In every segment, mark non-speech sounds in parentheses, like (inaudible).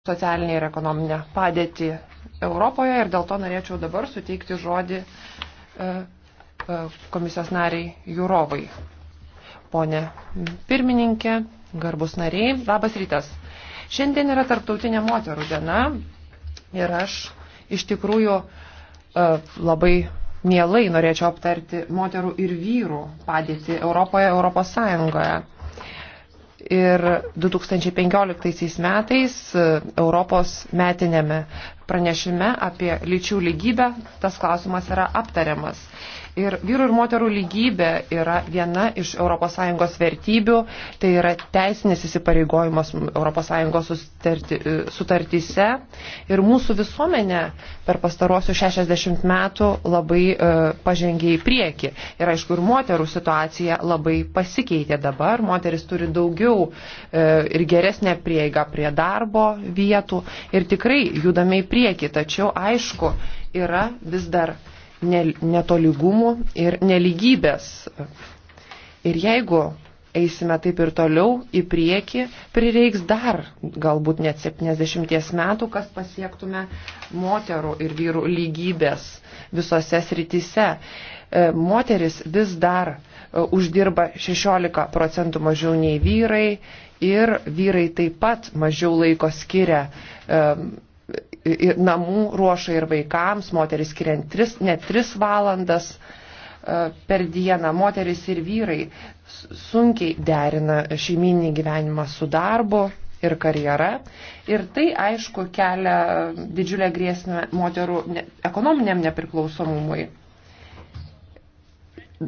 socialinę ir ekonominę padėtį Europoje ir dėl to norėčiau dabar suteikti žodį e, e, komisijos nariai Jurovai. Pone pirmininkė, garbus nariai, labas rytas. Šiandien yra tarptautinė moterų diena ir aš iš tikrųjų e, labai mielai norėčiau aptarti moterų ir vyrų padėtį Europoje, Europos Sąjungoje ir 2015 metais e, Europos metinėme pranešime apie lyčių lygybę tas klausimas yra aptariamas. Ir vyrų ir moterų lygybė yra viena iš ES vertybių, tai yra teisinės įsipareigojimas ES e, sutartyse. Ir mūsų visuomenė per pastarosius 60 metų labai e, pažengė į priekį. Ir aišku, ir moterų situacija labai pasikeitė dabar. Moteris turi daugiau e, ir geresnę prieigą prie darbo vietų. Ir tikrai judame į priekį. Tačiau, aišku, yra vis dar netolygumų ir neligybės. Ir jeigu eisime taip ir toliau į priekį, prireiks dar galbūt net 70 metų, kas pasiektume moterų ir vyrų lygybės visose srityse. E, moteris vis dar e, uždirba 16 procentų mažiau nei vyrai ir vyrai taip pat mažiau laiko skiria e, namų ruošai ir vaikams, moteris skiriant tris, net 3 valandas e, per dieną, moteris ir vyrai sunkiai derina šeiminį gyvenimą su darbu ir karjera. Ir tai, aišku, kelia didžiulę grėsmę moterų ekonominiam nepriklausomumui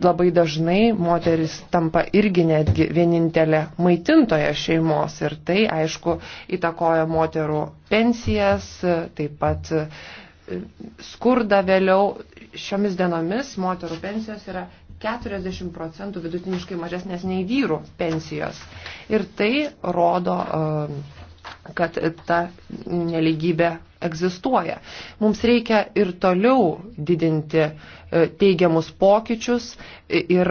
labai dažnai moteris tampa irgi netgi vienintelė maitintoja šeimos ir tai, aišku, įtakoja moterų pensijas, taip pat e, skurda vėliau. Šiomis dienomis moterų pensijos yra 40 procentų vidutiniškai mažesnės nei vyrų pensijos. Ir tai rodo, e, kad ta neligybė egzistuoja. Mums reikia ir toliau didinti uh, E, teigiamus pokyčius ir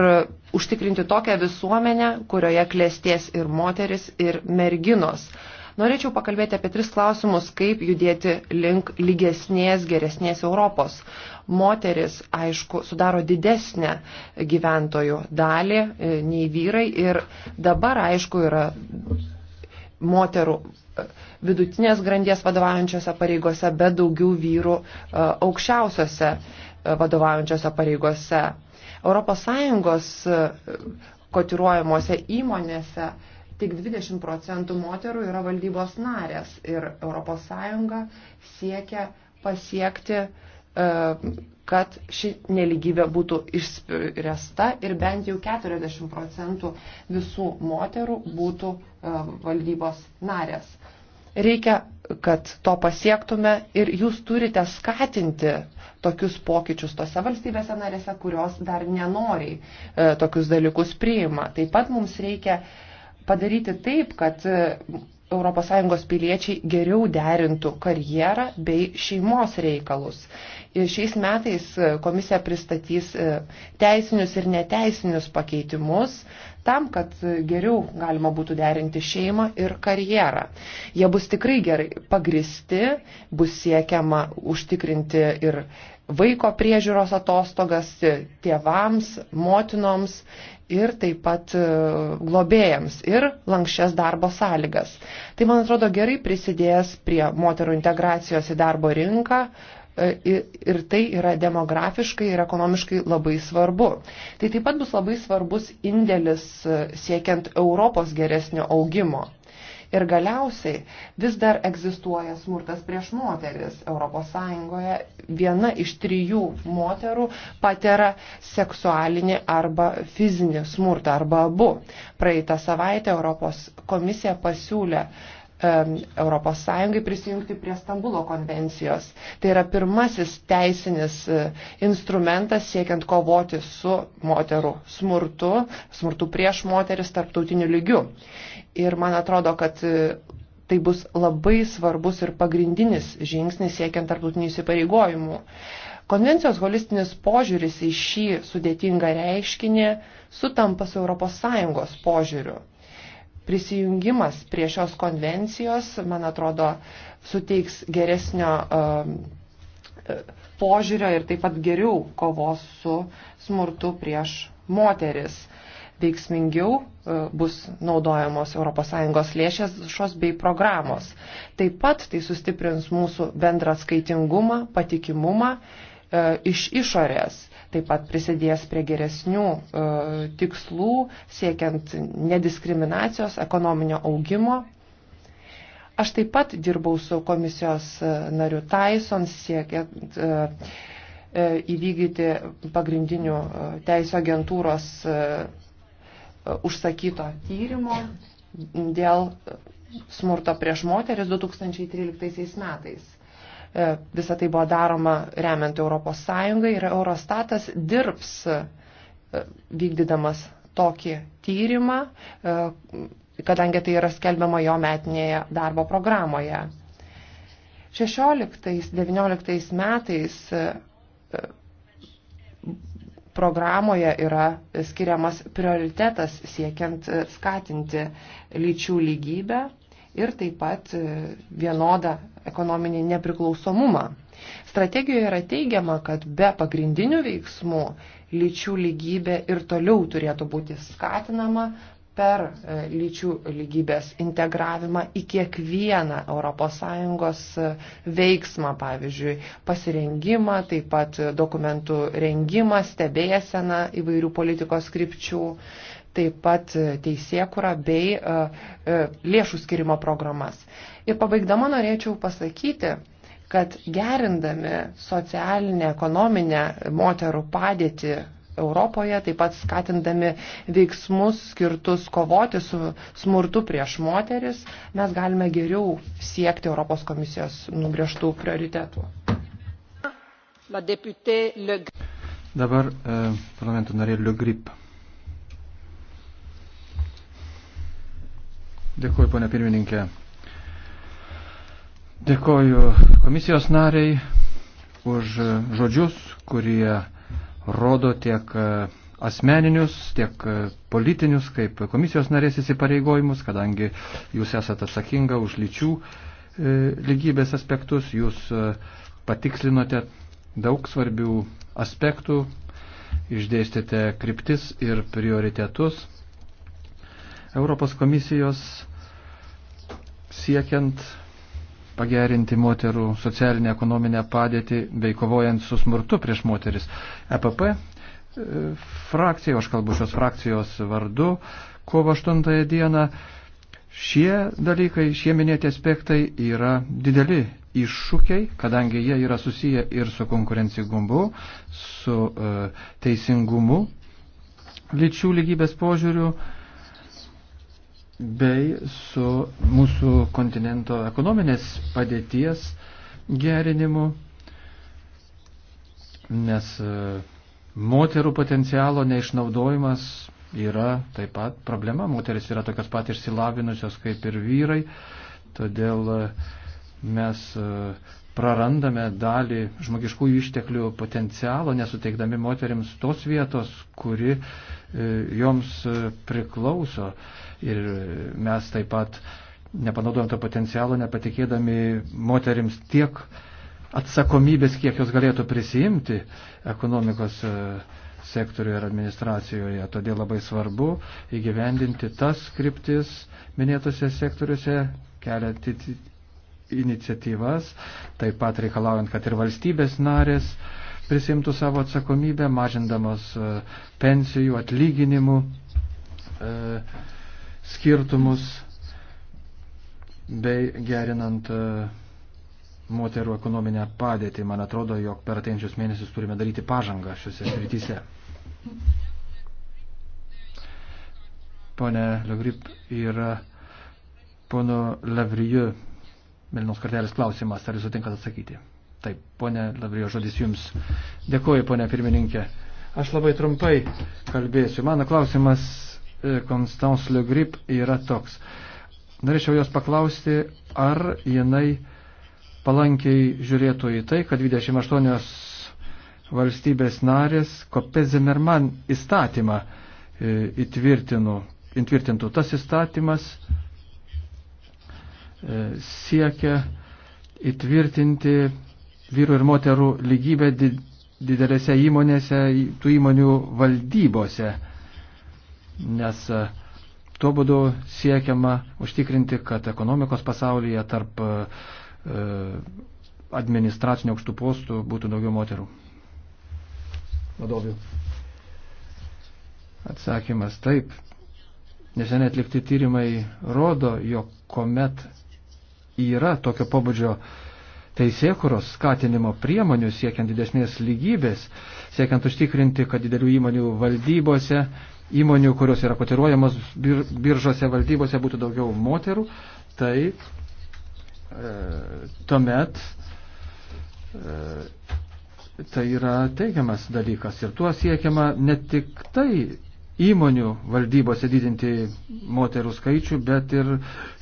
užtikrinti tokią visuomenę, kurioje klėsties ir moteris, ir merginos. Norėčiau pakalbėti apie tris klausimus, kaip judėti link lygesnės, geresnės Europos. Moteris, aišku, sudaro didesnę gyventojų dalį e, nei vyrai ir dabar, aišku, yra moterų e, vidutinės grandies vadovaujančiose pareigose, bet daugiau vyrų aukščiausiose vadovaujančiose pareigose. ES e, kotiruojamuose įmonėse tik 20 procentų moterų yra valdybos narės ir ES siekia pasiekti, e, kad ši neligybė būtų išspręsta ir bent jau 40 procentų visų moterų būtų e, valdybos narės. Reikia, kad to pasiektume ir jūs turite skatinti uh, tokius pokyčius tose valstybėse narėse, kurios dar nenoriai e, tokius dalykus priima. Taip pat mums reikia padaryti taip, kad ES piliečiai geriau derintų karjerą bei šeimos reikalus. Ir šiais metais e, komisija pristatys e, teisinius ir neteisinius pakeitimus tam, kad e, geriau galima būtų derinti šeimą ir karjerą. Jie bus tikrai gerai pagristi, bus siekiama užtikrinti ir vaiko priežiūros atostogas tėvams, motinoms ir taip pat e, globėjams ir lankščias darbo sąlygas. Tai, man atrodo, gerai prisidės prie moterų integracijos į darbo rinką, e, ir tai yra demografiškai ir ekonomiškai labai svarbu. Tai taip pat bus labai svarbus indėlis e, siekiant Europos geresnio augimo. Ir galiausiai vis dar egzistuoja smurtas prieš moteris. ES viena iš trijų moterų patiria seksualinį arba fizinį smurtą arba abu. Praeitą savaitę Europos komisija pasiūlė Europos Sąjungai prisijungti prie Stambulo konvencijos. Tai yra pirmasis teisinis e, instrumentas siekiant kovoti su moterų smurtu, smurtu prieš moteris tarptautiniu lygiu. Ir man atrodo, kad e, tai bus labai svarbus ir pagrindinis žingsnis siekiant tarptautinių įsipareigojimų. Konvencijos holistinis požiūris į šį sudėtingą reiškinį sutampa su ES požiūriu. Prisijungimas prie šios konvencijos, man atrodo, suteiks geresnio e, e, požiūrio ir taip pat geriau kovos su smurtu prieš moteris veiksmingiau e, bus naudojamos ES lėšės bei programos. Taip pat tai sustiprins mūsų bendrą skaitingumą, patikimumą e, iš išorės, taip pat prisidės prie geresnių e, tikslų, siekiant nediskriminacijos, ekonominio augimo. Aš taip pat dirbau su komisijos nariu Tyson, siekiant įvykdyti pagrindinių teisų agentūros E, užsakyto tyrimo dėl smurto prieš moteris 2013 metais. E, Visą tai buvo daroma remiant Europos Sąjungą ir Eurostatas dirbs e, vykdydamas tokį tyrimą, kadangi tai yra skelbiama jo metinėje darbo programoje. 16-19 metais programoje yra skiriamas prioritetas siekiant e, skatinti lyčių lygybę ir taip pat e, vienodą ekonominį nepriklausomumą. Strategijoje yra teigiama, kad be pagrindinių veiksmų lyčių lygybė ir toliau turėtų būti skatinama, per e, lyčių lygybės integravimą į kiekvieną ES e, veiksmą, pavyzdžiui, pasirengimą, taip pat dokumentų rengimą, stebėseną įvairių politikos krypčių, taip pat e, teisėkurą bei lėšų skirimo programas. Ir pabaigdama norėčiau pasakyti, kad gerindami socialinę, ekonominę moterų padėtį Europoje, taip pat skatindami veiksmus skirtus kovoti su smurtu prieš moteris, mes galime geriau siekti Europos komisijos nubrieštų prioritetų. Dabar e, parlamento narė Liugrip. Dėkuoju, ponia pirmininkė. Dėkuoju komisijos nariai už žodžius, kurie rodo tiek e, asmeninius, tiek e, politinius, kaip komisijos narės įsipareigojimus, kadangi jūs esate atsakinga už lyčių e, lygybės aspektus, jūs patikslinote daug svarbių aspektų, išdėstėte kryptis ir prioritetus Europos komisijos siekiant pagerinti moterų socialinę ekonominę padėtį bei kovojant su smurtu prieš moteris. EPP e, frakcija, aš kalbu šios frakcijos vardu, kovo 8 dieną. Šie dalykai, šie minėti aspektai yra dideli iššūkiai, kadangi jie yra susiję ir su konkurencigumu, su e, teisingumu, lyčių lygybės požiūriu, e, bei su mūsų kontinento ekonominės padėties gerinimu, nes e, moterų potencialo neišnaudojimas yra taip pat problema. Moteris yra tokios pat išsilavinusios kaip ir vyrai, todėl e, mes e, prarandame dalį žmogiškųjų išteklių potencialo, nesuteikdami moteriams tos vietos, kuri E, joms e, priklauso ir mes taip pat nepanaudojam to potencialo, nepatikėdami moterims tiek atsakomybės, kiek jos galėtų prisijimti ekonomikos e, sektoriuje ir administracijoje. Todėl labai svarbu įgyvendinti tas skriptis minėtose sektoriuose, keliant iniciatyvas, taip pat reikalaujant, kad ir valstybės narės uh, prisimtų savo atsakomybę, mažindamos e, pensijų, atlyginimų e, skirtumus bei gerinant e, moterų ekonominę padėtį. Man atrodo, jog per ateinčius mėnesius turime daryti pažangą šiuose srityse. Pone Legrip, yra pono Lavrijų Melinos kartelės klausimas. Ar jūs sutinkat atsakyti? Taip, ponė Labrijo, žodis jums. Dėkuoju, ponė pirmininkė. Aš labai trumpai kalbėsiu. Mano klausimas Konstans e, Le Grip yra toks. Norėčiau jos paklausti, ar jinai palankiai žiūrėtų į tai, kad 28 valstybės narės Kopezimerman įstatymą e, įtvirtintų. Tas įstatymas e, siekia įtvirtinti vyrų ir moterų lygybę didelėse įmonėse, tų įmonių valdybose, nes e, tuo būdu siekiama užtikrinti, kad ekonomikos pasaulyje tarp e, e, administracinio aukštų postų būtų daugiau moterų vadovių. Atsakymas taip. Neseniai atlikti tyrimai rodo, jog kuomet yra tokio pobūdžio uh, teisėkuros skatinimo priemonių siekiant didesnės lygybės, siekiant užtikrinti, kad didelių įmonių valdybose, įmonių, kurios yra kotiruojamos bir, biržose valdybose, būtų daugiau moterų, tai e, tuomet e, tai yra teigiamas dalykas ir tuo siekiama ne tik tai įmonių valdybose didinti moterų skaičių, bet ir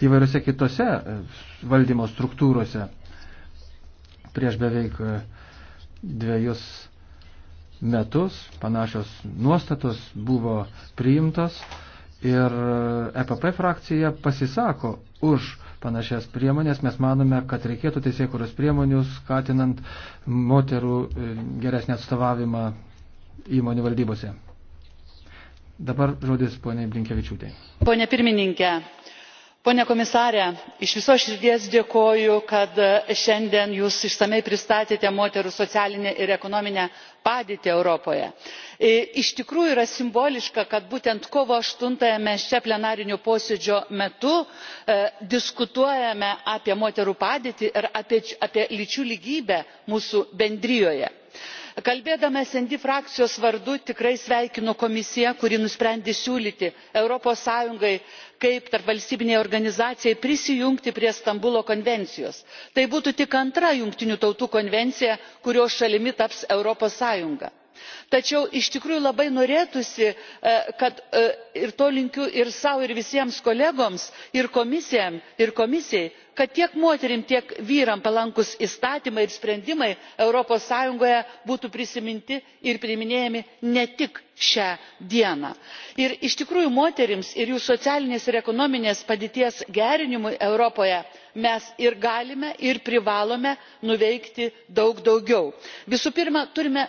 įvairiose kitose e, valdymo struktūrose. Prieš beveik e, dviejus metus panašios nuostatos buvo priimtos ir EPP e frakcija pasisako už panašias priemonės. Mes manome, kad reikėtų teisėkuros priemonių skatinant moterų e, geresnį atstovavimą įmonių valdybose. Dabar žodis poniai Blinkevičiūtė. Pone pirmininkė, pone komisare iš visos širdies dėkoju kad e, šiandien jūs išsamiai pristatėte moterų socialinę ir ekonominę padėtį europoje. E, iš tikrųjų yra simboliška kad būtent kovo aštuoni ąją mes čia plenarinio posėdžio metu e, diskutuojame apie moterų padėtį ir apie lyčių lygybę mūsų bendrijoje kalbėdama sd frakcijos vardu tikrai sveikinu komisiją kuri nusprendė siūlyti europos sąjungai kaip tarpvalstybinei organizacijai prisijungti prie stambulo konvencijos. tai būtų tik antra jungtinių tautų konvencija kurios šalimi taps europos sąjunga tačiau iš tikrųjų labai norėtųsi e, kad e, ir to linkiu ir sau ir visiems kolegoms ir komisijai kad tiek moterims tiek vyrams palankūs įstatymai ir sprendimai europos sąjungoje būtų prisiminti ir priiminėjami ne tik šią dieną. ir iš tikrųjų moterims ir jų socialinės ir ekonominės padėties gerinimui europoje mes ir galime ir privalome nuveikti daug daugiau. visų pirma turime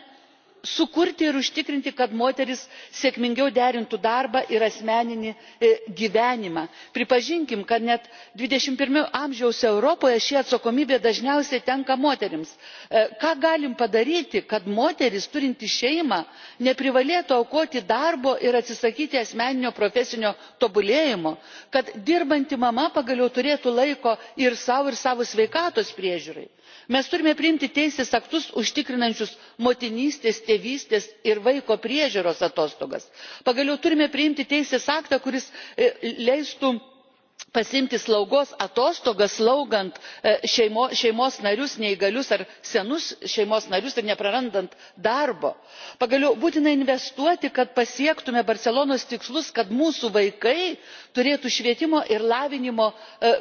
sukurti ir užtikrinti kad moterys sėkmingiau derintų darbą ir asmeninį e, gyvenimą. pripažinkime kad net dvidešimt vieno amžiaus europoje ši atsakomybė dažniausiai tenka moterims. E, ką galime padaryti kad moteris turinti šeimą neprivalėtų aukoti darbo ir atsisakyti asmeninio profesinio tobulėjimo kad dirbanti mama pagaliau turėtų laiko ir sau ir savo sveikatos priežiūrai? mes turime priimti teisės aktus užtikrinančius motinystės tėvystės ir vaiko priežiūros atostogas pagaliau turime priimti teisės aktą kuris e, leistų pasiimti slaugos atostogas slaugant e, šeimos narius neįgalius ar senus šeimos narius ir neprarandant darbo. pagaliau būtina investuoti kad pasiektume barselonos tikslus kad mūsų vaikai turėtų švietimo ir lavinimo e,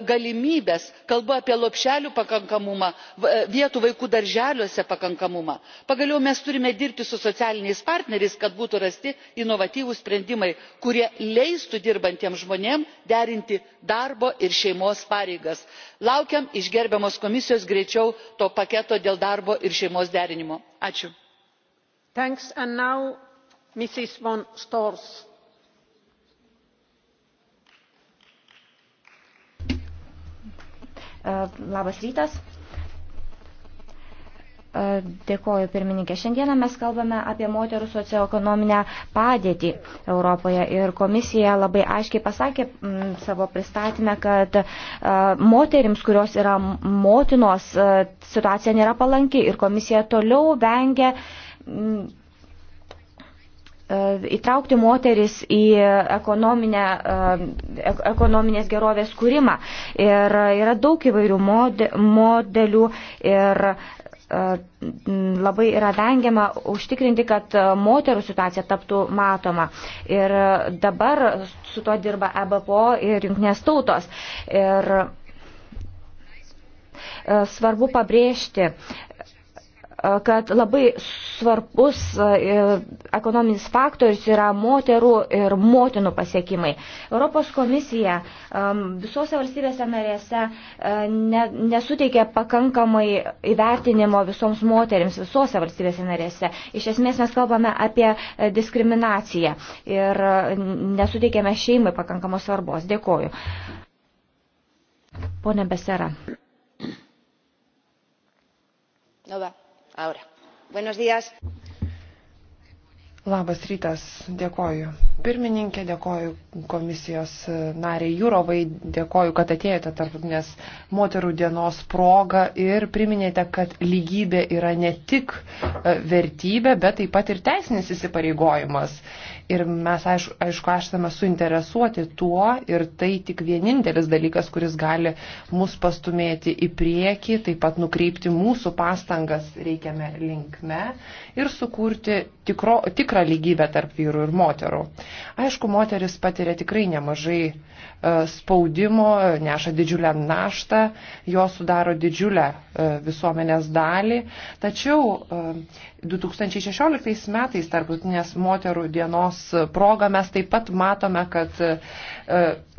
galimybes kalbu apie lopšelių pakankamumą e, vietų vaikų darželiuose pakankamumą. pagaliau mes turime dirbti su socialiniais partneriais kad būtų rasti inovatyvūs sprendimai kurie leistų dirbantiems žmonėms derinti darbo ir šeimos pareigas. laukiame iš gerbiamos komisijos greičiau to paketo dėl darbo ir šeimos derinimo. ačiū. Now, labas rytas. Dėkoju pirmininkė. Šiandieną mes kalbame apie moterų socioekonominę padėtį Europoje ir komisija labai aiškiai pasakė m, mm, savo pristatymę, kad a, moterims, kurios yra motinos, a, situacija nėra palanki ir komisija toliau vengia. M, mm, įtraukti moteris į ekonominę, e-, ekonominės gerovės kūrimą. Ir yra daug įvairių modelių ir E, labai yra vengiama užtikrinti, kad moterų situacija taptų matoma. Ir dabar su to dirba EBPO ir jungtinės tautos. Ir e, svarbu pabrėžti, kad labai svarbus e, ekonominis faktorius yra moterų ir motinų pasiekimai. Europos komisija visose valstybėse narėse e, ne, nesuteikia pakankamai įvertinimo visoms moterims visose valstybėse narėse. Iš esmės mes kalbame apie e, diskriminaciją ir nesuteikėme šeimai pakankamos svarbos. Dėkoju. Pone Besera. Dobra. Ahora. Buenos días. Labas rytas, dėkoju. Pirmininkė, dėkoju komisijos nariai Jūrovai, dėkoju, kad atėjote tarptautinės moterų dienos progą ir priminėte, kad lygybė yra ne tik e, vertybė, bet taip pat ir teisinis įsipareigojimas. Ir mes, aišku, aišku, esame suinteresuoti tuo ir tai tik vienintelis dalykas, kuris gali mus pastumėti į priekį, taip pat nukreipti mūsų pastangas reikiame linkme ir sukurti tikro, tikrą lygybę tarp vyrų ir moterų. Aišku, moteris patiria tikrai nemažai e, spaudimo, neša didžiulę naštą, jo sudaro didžiulę e, visuomenės dalį. Tačiau 2016 e, metais tarptautinės moterų dienos proga mes taip pat matome, kad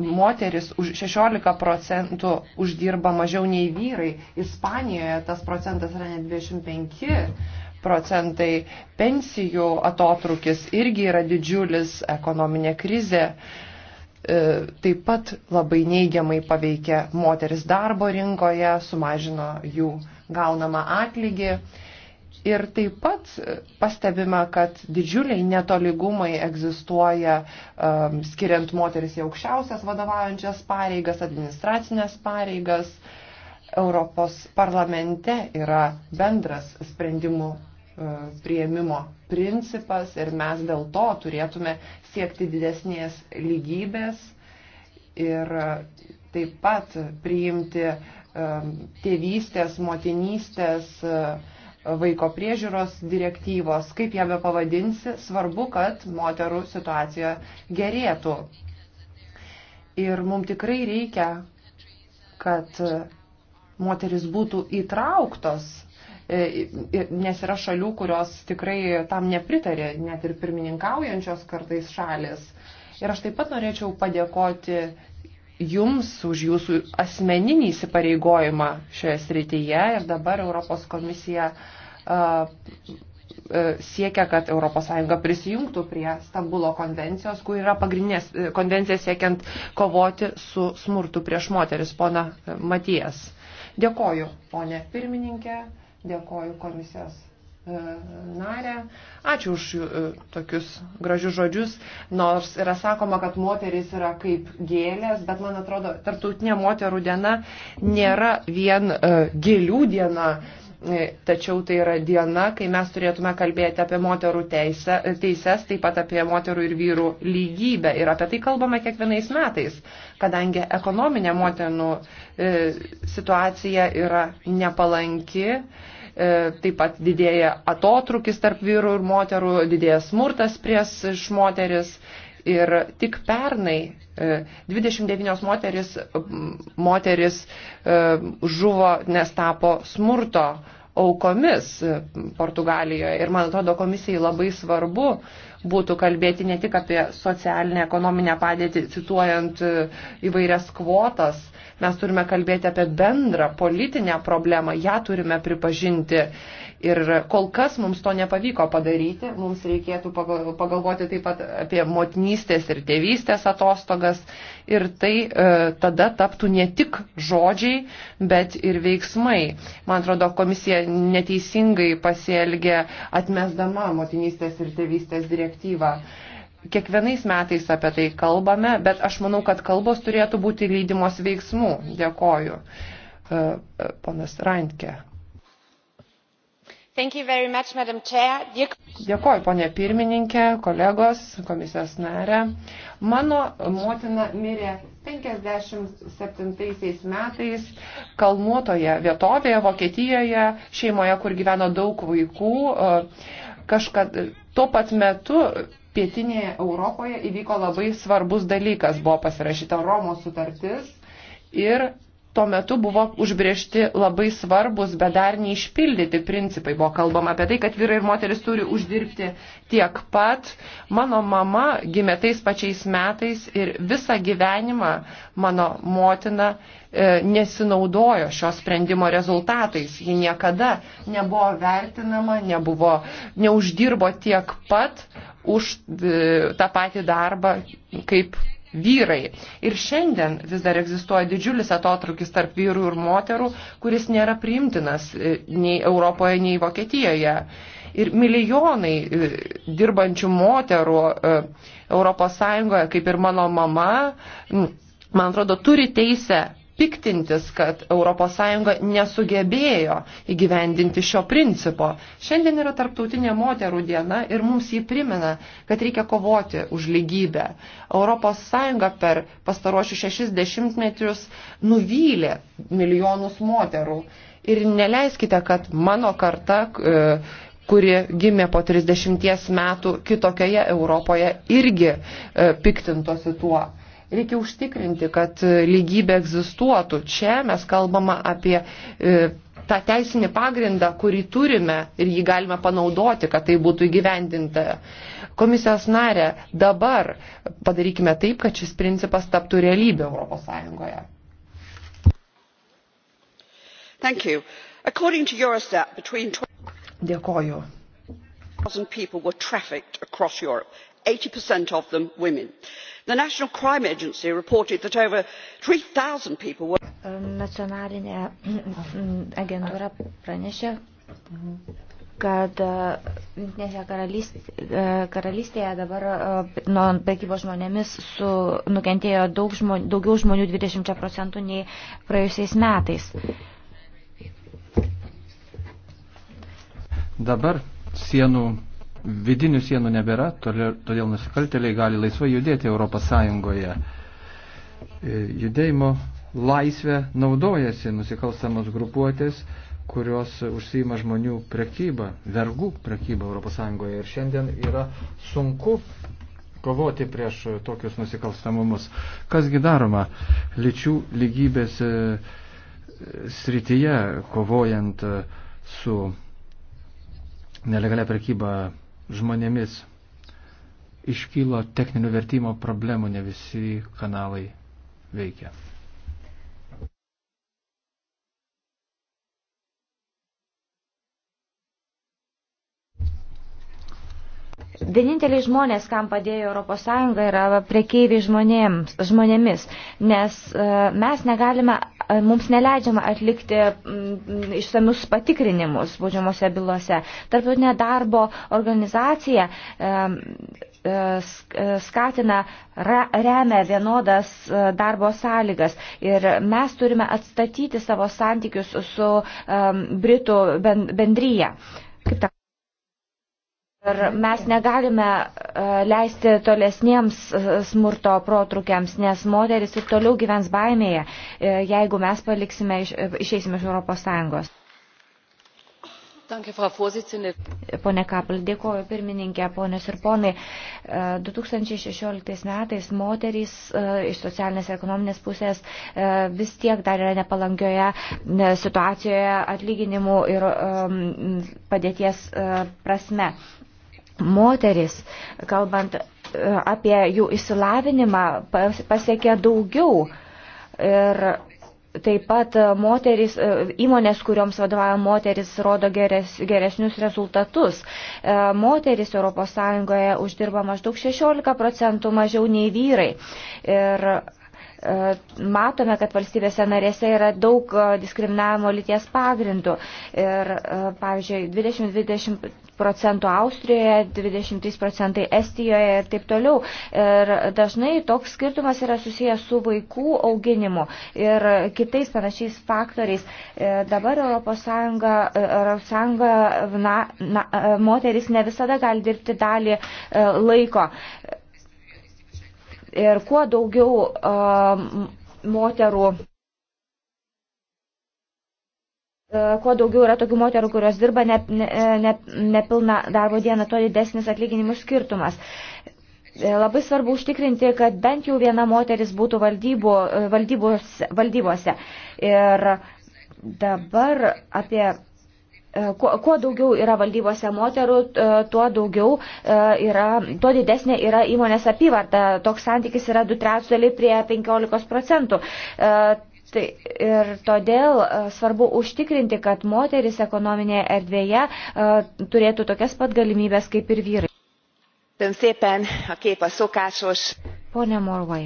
moteris už 16 procentų uždirba mažiau nei vyrai. Ispanijoje tas procentas yra net 25 procentai, pensijų atotrukis irgi yra didžiulis, ekonominė krizė e, taip pat labai neigiamai paveikė moteris darbo rinkoje, sumažino jų gaunamą atlygį. Ir taip pat pastebima, kad didžiuliai netoligumai egzistuoja um, skiriant moteris į aukščiausias vadovaujančias pareigas, administracinės pareigas. Europos parlamente yra bendras sprendimų E, prieimimo principas ir mes dėl to turėtume siekti didesnės lygybės ir e, taip pat priimti e, tėvystės, motinystės, vaiko priežiūros direktyvos, kaip ją be pavadinsi, svarbu, kad moterų situacija gerėtų. Ir mums tikrai reikia, kad moteris būtų įtrauktos E, nes yra šalių, kurios tikrai tam nepritarė, net ir pirmininkaujančios kartais šalis. Ir aš taip pat norėčiau padėkoti Jums už Jūsų asmeninį įsipareigojimą šioje srityje ir dabar Europos komisija uh, siekia, kad ES prisijungtų prie Stambulo konvencijos, kur yra pagrindinė konvencija siekiant kovoti su smurtu prieš moteris, pona Matijas. Dėkoju, ponė pirmininkė. Dėkoju komisijos e, narę. Ačiū už e, tokius gražius žodžius, nors yra sakoma, kad moteris yra kaip gėlės, bet man atrodo, tarptautinė moterų diena nėra vien e, gėlių diena, E, tačiau tai yra diena, kai mes turėtume kalbėti apie moterų teisę, teises, taip pat apie moterų ir vyrų lygybę. Ir apie tai kalbame kiekvienais metais, kadangi ekonominė moterų e, situacija yra nepalanki. E, taip pat didėja atotrukis tarp vyrų ir moterų, didėja smurtas prieš moteris. Ir tik pernai 29 e, moteris, moteris e, žuvo, nes tapo smurto aukomis e, Portugalijoje. Ir man atrodo, komisijai labai svarbu būtų kalbėti ne tik apie socialinę, ekonominę padėtį, cituojant įvairias kvotas. Mes turime kalbėti apie bendrą politinę problemą, ją turime pripažinti Ir kol kas mums to nepavyko padaryti, mums reikėtų pagalvoti taip pat apie motinystės ir tėvystės atostogas ir tai e, tada taptų ne tik žodžiai, bet ir veiksmai. Man atrodo, komisija neteisingai pasielgė atmesdama motinystės ir tėvystės direktyvą. Kiekvienais metais apie tai kalbame, bet aš manau, kad kalbos turėtų būti lydimos veiksmų. Dėkoju. E, e, ponas Rankė. Much, Dėkuoju, ponė pirmininkė, kolegos, komisijos narė. Mano motina mirė 57 metais kalnuotoje vietovėje Vokietijoje, šeimoje, kur gyveno daug vaikų. Kažkad tuo pat metu pietinėje Europoje įvyko labai svarbus dalykas, buvo pasirašyta Romos sutartis ir tuo metu buvo užbriežti labai svarbus, bet dar neišpildyti principai. Buvo kalbama apie tai, kad vyrai ir moteris turi uždirbti tiek pat. Mano mama gimė tais pačiais metais ir visą gyvenimą mano motina e, nesinaudojo šio sprendimo rezultatais. Ji niekada nebuvo vertinama, nebuvo, neuždirbo tiek pat už e, tą patį darbą kaip vyrai. Ir šiandien vis dar egzistuoja didžiulis atotrukis tarp vyrų ir moterų, kuris nėra priimtinas e, nei Europoje, nei Vokietijoje. Ir milijonai e, dirbančių moterų ES, kaip ir mano mama, man atrodo, turi teisę piktintis, kad ES nesugebėjo įgyvendinti šio principo. Šiandien yra tarptautinė moterų diena ir mums jį primena, kad reikia kovoti už lygybę. ES per pastaruošius šešis dešimtmetrius nuvylė milijonus moterų. Ir neleiskite, kad mano karta, e, kuri gimė po 30 metų kitokioje Europoje, irgi e, piktintųsi tuo. Reikia užtikrinti, kad lygybė egzistuotų. Čia mes kalbama apie e, tą teisinį pagrindą, kurį turime ir jį galime panaudoti, kad tai būtų įgyvendinta. Komisijos narė, dabar padarykime taip, kad šis principas taptų realybė Europos Sąjungoje. Eurostat, between... Dėkoju eighty of them women. the national crime agency reported that over three zero people were. nacionalinė mm, agentūra pranešė kad e, Junktinėje karalystėje, karalystėje dabar e, nuo prekybos žmonėmis su, nukentėjo daug žmon, daugiau žmonių 20 procentų nei praėjusiais metais. Dabar sienų vidinių sienų nebėra, todėl nusikaltėliai gali laisvai judėti Europos Sąjungoje. E, judėjimo laisvę naudojasi nusikalstamos grupuotės, kurios užsima žmonių prekybą, vergų prekybą Europos Sąjungoje. Ir šiandien yra sunku kovoti prieš tokius nusikalstamumus. Kasgi daroma lyčių lygybės e, srityje, kovojant e, su nelegalia prekyba žmonėmis. Iškylo techninio vertimo problemų, ne visi kanalai veikia. Vieninteliai žmonės, kam padėjo ES, yra priekeiviai žmonėms, žmonėmis, nes e, mes negalime, e, mums neleidžiama atlikti mm, išsamius patikrinimus būdžiamose bylose. Tarptautinė darbo organizacija e, skatina, remia vienodas darbo sąlygas ir mes turime atstatyti savo santykius su Britų bendryje. Kaip ta? Ir mes negalime e, leisti tolesniems e, smurto protrukiams, nes moteris ir toliau gyvens baimėje, e, jeigu mes paliksime, išeisime iš Europos Sąjungos. Pone Kapel, dėkoju pirmininkė, ponės ir ponai. 2016 metais moterys iš socialinės ir ekonominės pusės vis tiek dar yra nepalankioje situacijoje atlyginimų ir padėties prasme moteris, kalbant e, apie jų išsilavinimą, pasiekė daugiau. Ir taip pat moteris, e, įmonės, kurioms vadovauja moteris, rodo geres, geresnius rezultatus. E, moteris ES uždirba maždaug 16 procentų mažiau nei vyrai. Ir matome, kad valstybėse narėse yra daug diskriminavimo lyties pagrindų. Ir, pavyzdžiui, 2020 procentų Austrijoje, 20 procentai Estijoje ir taip toliau. Ir dažnai toks skirtumas yra susijęs su vaikų auginimu ir kitais panašiais faktoriais. E, dabar ES, ES na, na, e, moteris ne visada gali dirbti dalį e, laiko. Ir kuo daugiau um, moterų E, kuo daugiau yra tokių moterų, kurios dirba ne, ne, e, nepilną ne darbo dieną, tuo didesnis atlyginimų skirtumas. E, labai svarbu užtikrinti, kad bent jau viena moteris būtų valdybo, valdybos, valdybose. Ir dabar apie kuo, kuo daugiau yra valdybose moterų, tuo daugiau yra, tuo didesnė yra įmonės apyvarta. Toks santykis yra 2 trečdaliai prie 15 procentų. Tai ir todėl e, svarbu užtikrinti, kad moteris ekonominėje erdvėje e, turėtų tokias pat galimybės kaip ir vyrai. Pone Morvai.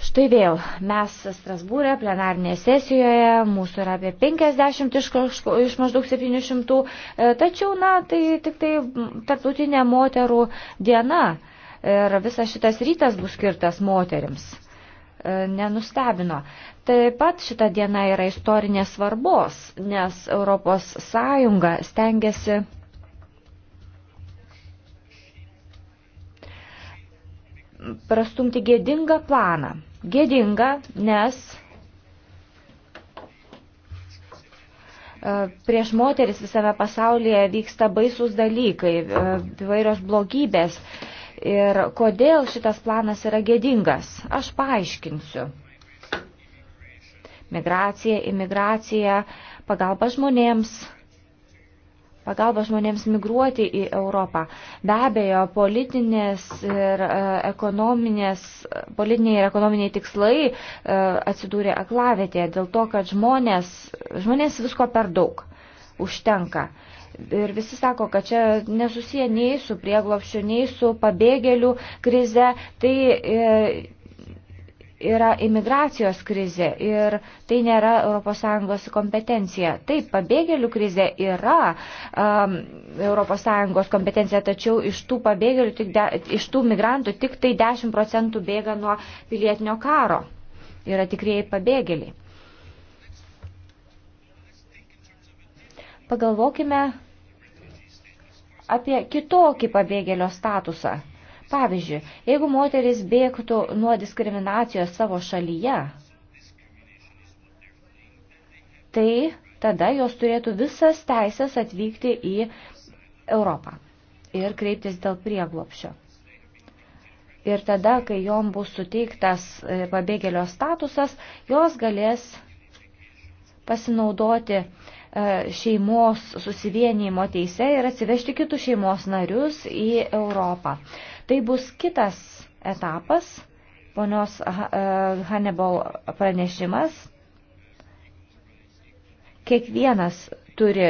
Štai vėl mes Strasbūrė plenarnėje sesijoje, mūsų yra apie 50 iš, kažko, iš maždaug 700, e, tačiau, na, tai tik tai tarptautinė moterų diena ir visas šitas rytas bus skirtas moterims. E, nenustebino. Taip pat šita diena yra istorinės svarbos, nes ES stengiasi prastumti gėdingą planą. Gėdinga, nes e, prieš moteris visame pasaulyje vyksta baisus dalykai, e, vairios blogybės. Ir kodėl šitas planas yra gėdingas? Aš paaiškinsiu. Migracija, imigracija, pagalba žmonėms, pagalba žmonėms migruoti į Europą. Be abejo, politinės ir e, ekonominės, politiniai ir ekonominiai tikslai e, atsidūrė aklavietėje dėl to, kad žmonės, žmonės visko per daug užtenka. Ir visi sako, kad čia nesusiję nei su prieglopščiu, nei su pabėgėlių krize. Tai e, yra imigracijos krizė ir tai nėra ES kompetencija. Taip, pabėgėlių krizė yra um, ES kompetencija, tačiau iš tų pabėgėlių, tik de, iš tų migrantų tik tai 10 procentų bėga nuo pilietinio karo. Yra tikrieji pabėgėliai. Pagalvokime apie kitokį pabėgėlio statusą. Pavyzdžiui, jeigu moteris bėgtų nuo diskriminacijos savo šalyje, tai tada jos turėtų visas teisės atvykti į Europą ir kreiptis dėl prieglopščio. Ir tada, kai jom bus suteiktas e, pabėgėlio statusas, jos galės pasinaudoti E, šeimos susivienijimo teise ir atsivežti kitus šeimos narius į Europą. Tai bus kitas etapas, ponios e, Hannibal pranešimas. Kiekvienas turi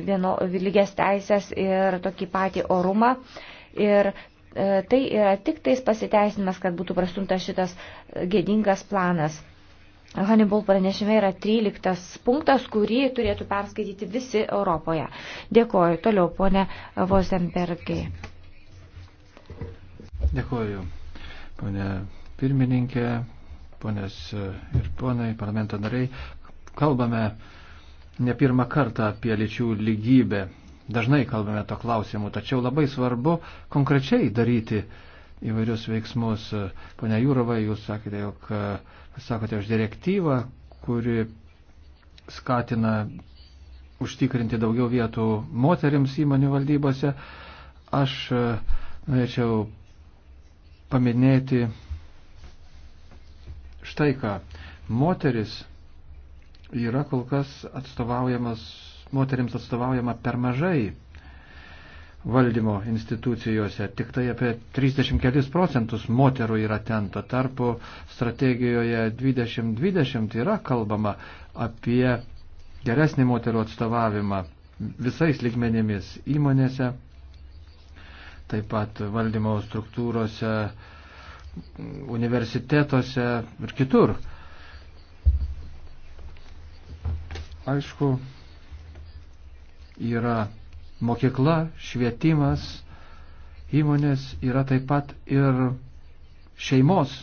vieno, lygias teisės ir tokį patį orumą. Ir e, tai yra tik tais pasiteisinimas, kad būtų prastumtas šitas gėdingas planas. Hannibal pranešime yra 13 punktas, kurį turėtų perskaityti visi Europoje. Dėkoju. Toliau, ponė Vosenbergai. Dėkoju, ponė pirmininkė, ponės ir ponai, parlamento nariai. Kalbame ne pirmą kartą apie lyčių lygybę. Dažnai kalbame to klausimu, tačiau labai svarbu konkrečiai daryti uh, įvairius veiksmus. Pone Jūrova, jūs sakėte, jog sakote už direktyvą, kuri skatina užtikrinti daugiau vietų moteriams įmonių valdybose. Aš e, norėčiau paminėti štai ką. Moteris yra kol kas atstovaujamas, moteriams atstovaujama per mažai valdymo institucijose. Tik tai apie 34 procentus moterų yra ten. Tuo tarpu strategijoje 2020 yra kalbama apie geresnį moterų atstovavimą visais ligmenėmis įmonėse, taip pat valdymo struktūrose, universitetuose ir kitur. Aišku, yra Mokykla, švietimas, įmonės yra taip pat ir šeimos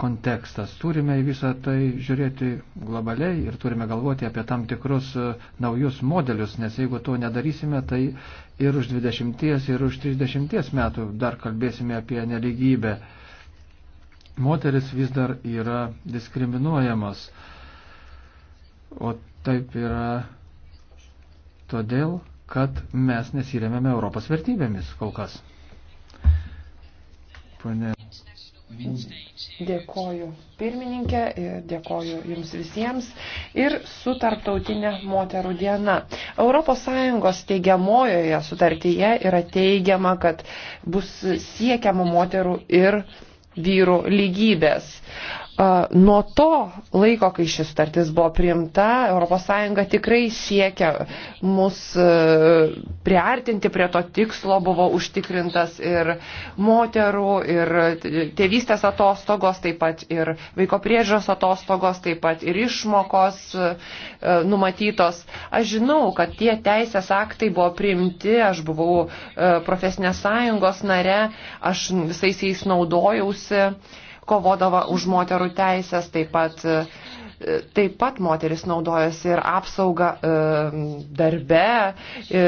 kontekstas. Turime į visą tai žiūrėti globaliai ir turime galvoti apie tam tikrus e, naujus modelius, nes jeigu to nedarysime, tai ir už 20, ir už 30 metų dar kalbėsime apie neligybę. Moteris vis dar yra diskriminuojamas, o taip yra todėl, kad mes nesiremėme Europos vertybėmis kol kas. Pane. Dėkoju pirmininkė, dėkoju jums visiems ir su tarptautinė moterų diena. ES teigiamojoje sutartyje yra teigiama, kad bus siekiama moterų ir vyrų lygybės. Nuo to laiko, kai šis startis buvo priimta, ES tikrai siekia mus e, priartinti prie to tikslo, buvo užtikrintas ir moterų, ir tėvystės atostogos, taip pat ir vaiko priežios atostogos, taip pat ir išmokos e, numatytos. Aš žinau, kad tie teisės aktai buvo priimti, aš buvau e, profesinės sąjungos nare, aš visais jais naudojausi kovodavo už moterų teisės, taip pat, e, taip pat moteris naudojasi ir apsaugą e, darbe, e,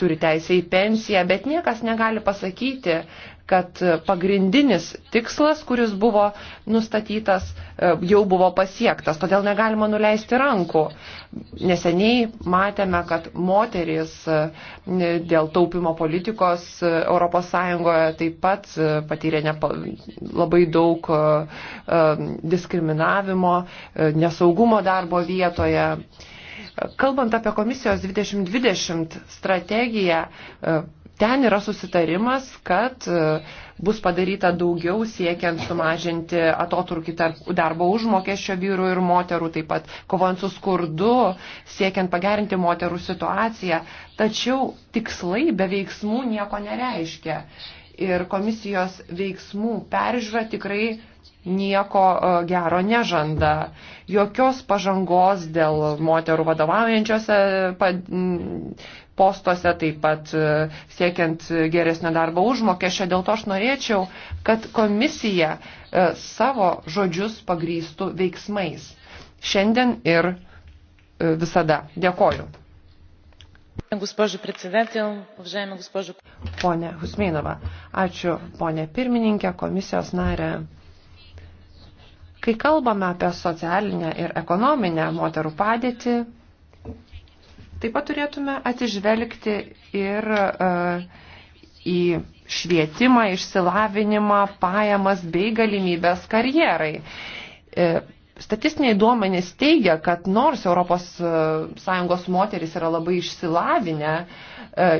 turi teisę į pensiją, bet niekas negali pasakyti, kad pagrindinis tikslas, kuris buvo nustatytas, e, jau buvo pasiektas, todėl negalima nuleisti rankų. Neseniai matėme, kad moteris e, dėl taupimo politikos ES taip pat e, patyrė nepa, labai daug diskriminavimo, nesaugumo darbo vietoje. Kalbant apie komisijos 2020 strategiją, ten yra susitarimas, kad e, bus padaryta daugiau siekiant sumažinti atotrukį tarp darbo užmokesčio vyrų ir moterų, taip pat kovant su skurdu, siekiant pagerinti moterų situaciją. Tačiau tikslai be veiksmų nieko nereiškia. Ir komisijos veiksmų peržiūra tikrai nieko e, gero nežanda. Jokios pažangos dėl moterų vadovaujančiose postuose, taip pat e, siekiant geresnio darbo užmokesčio. Dėl to aš norėčiau, kad komisija e, savo žodžius pagrystų veiksmais. Šiandien ir e, visada. Dėkoju. Pone Husmeinova, ačiū ponė pirmininkė, komisijos narė. Kai kalbame apie socialinę ir ekonominę moterų padėtį, Taip pat turėtume atsižvelgti ir e, į švietimą, išsilavinimą, pajamas bei galimybės karjerai. E, statistiniai duomenys teigia, kad nors ES e, moteris yra labai išsilavinę,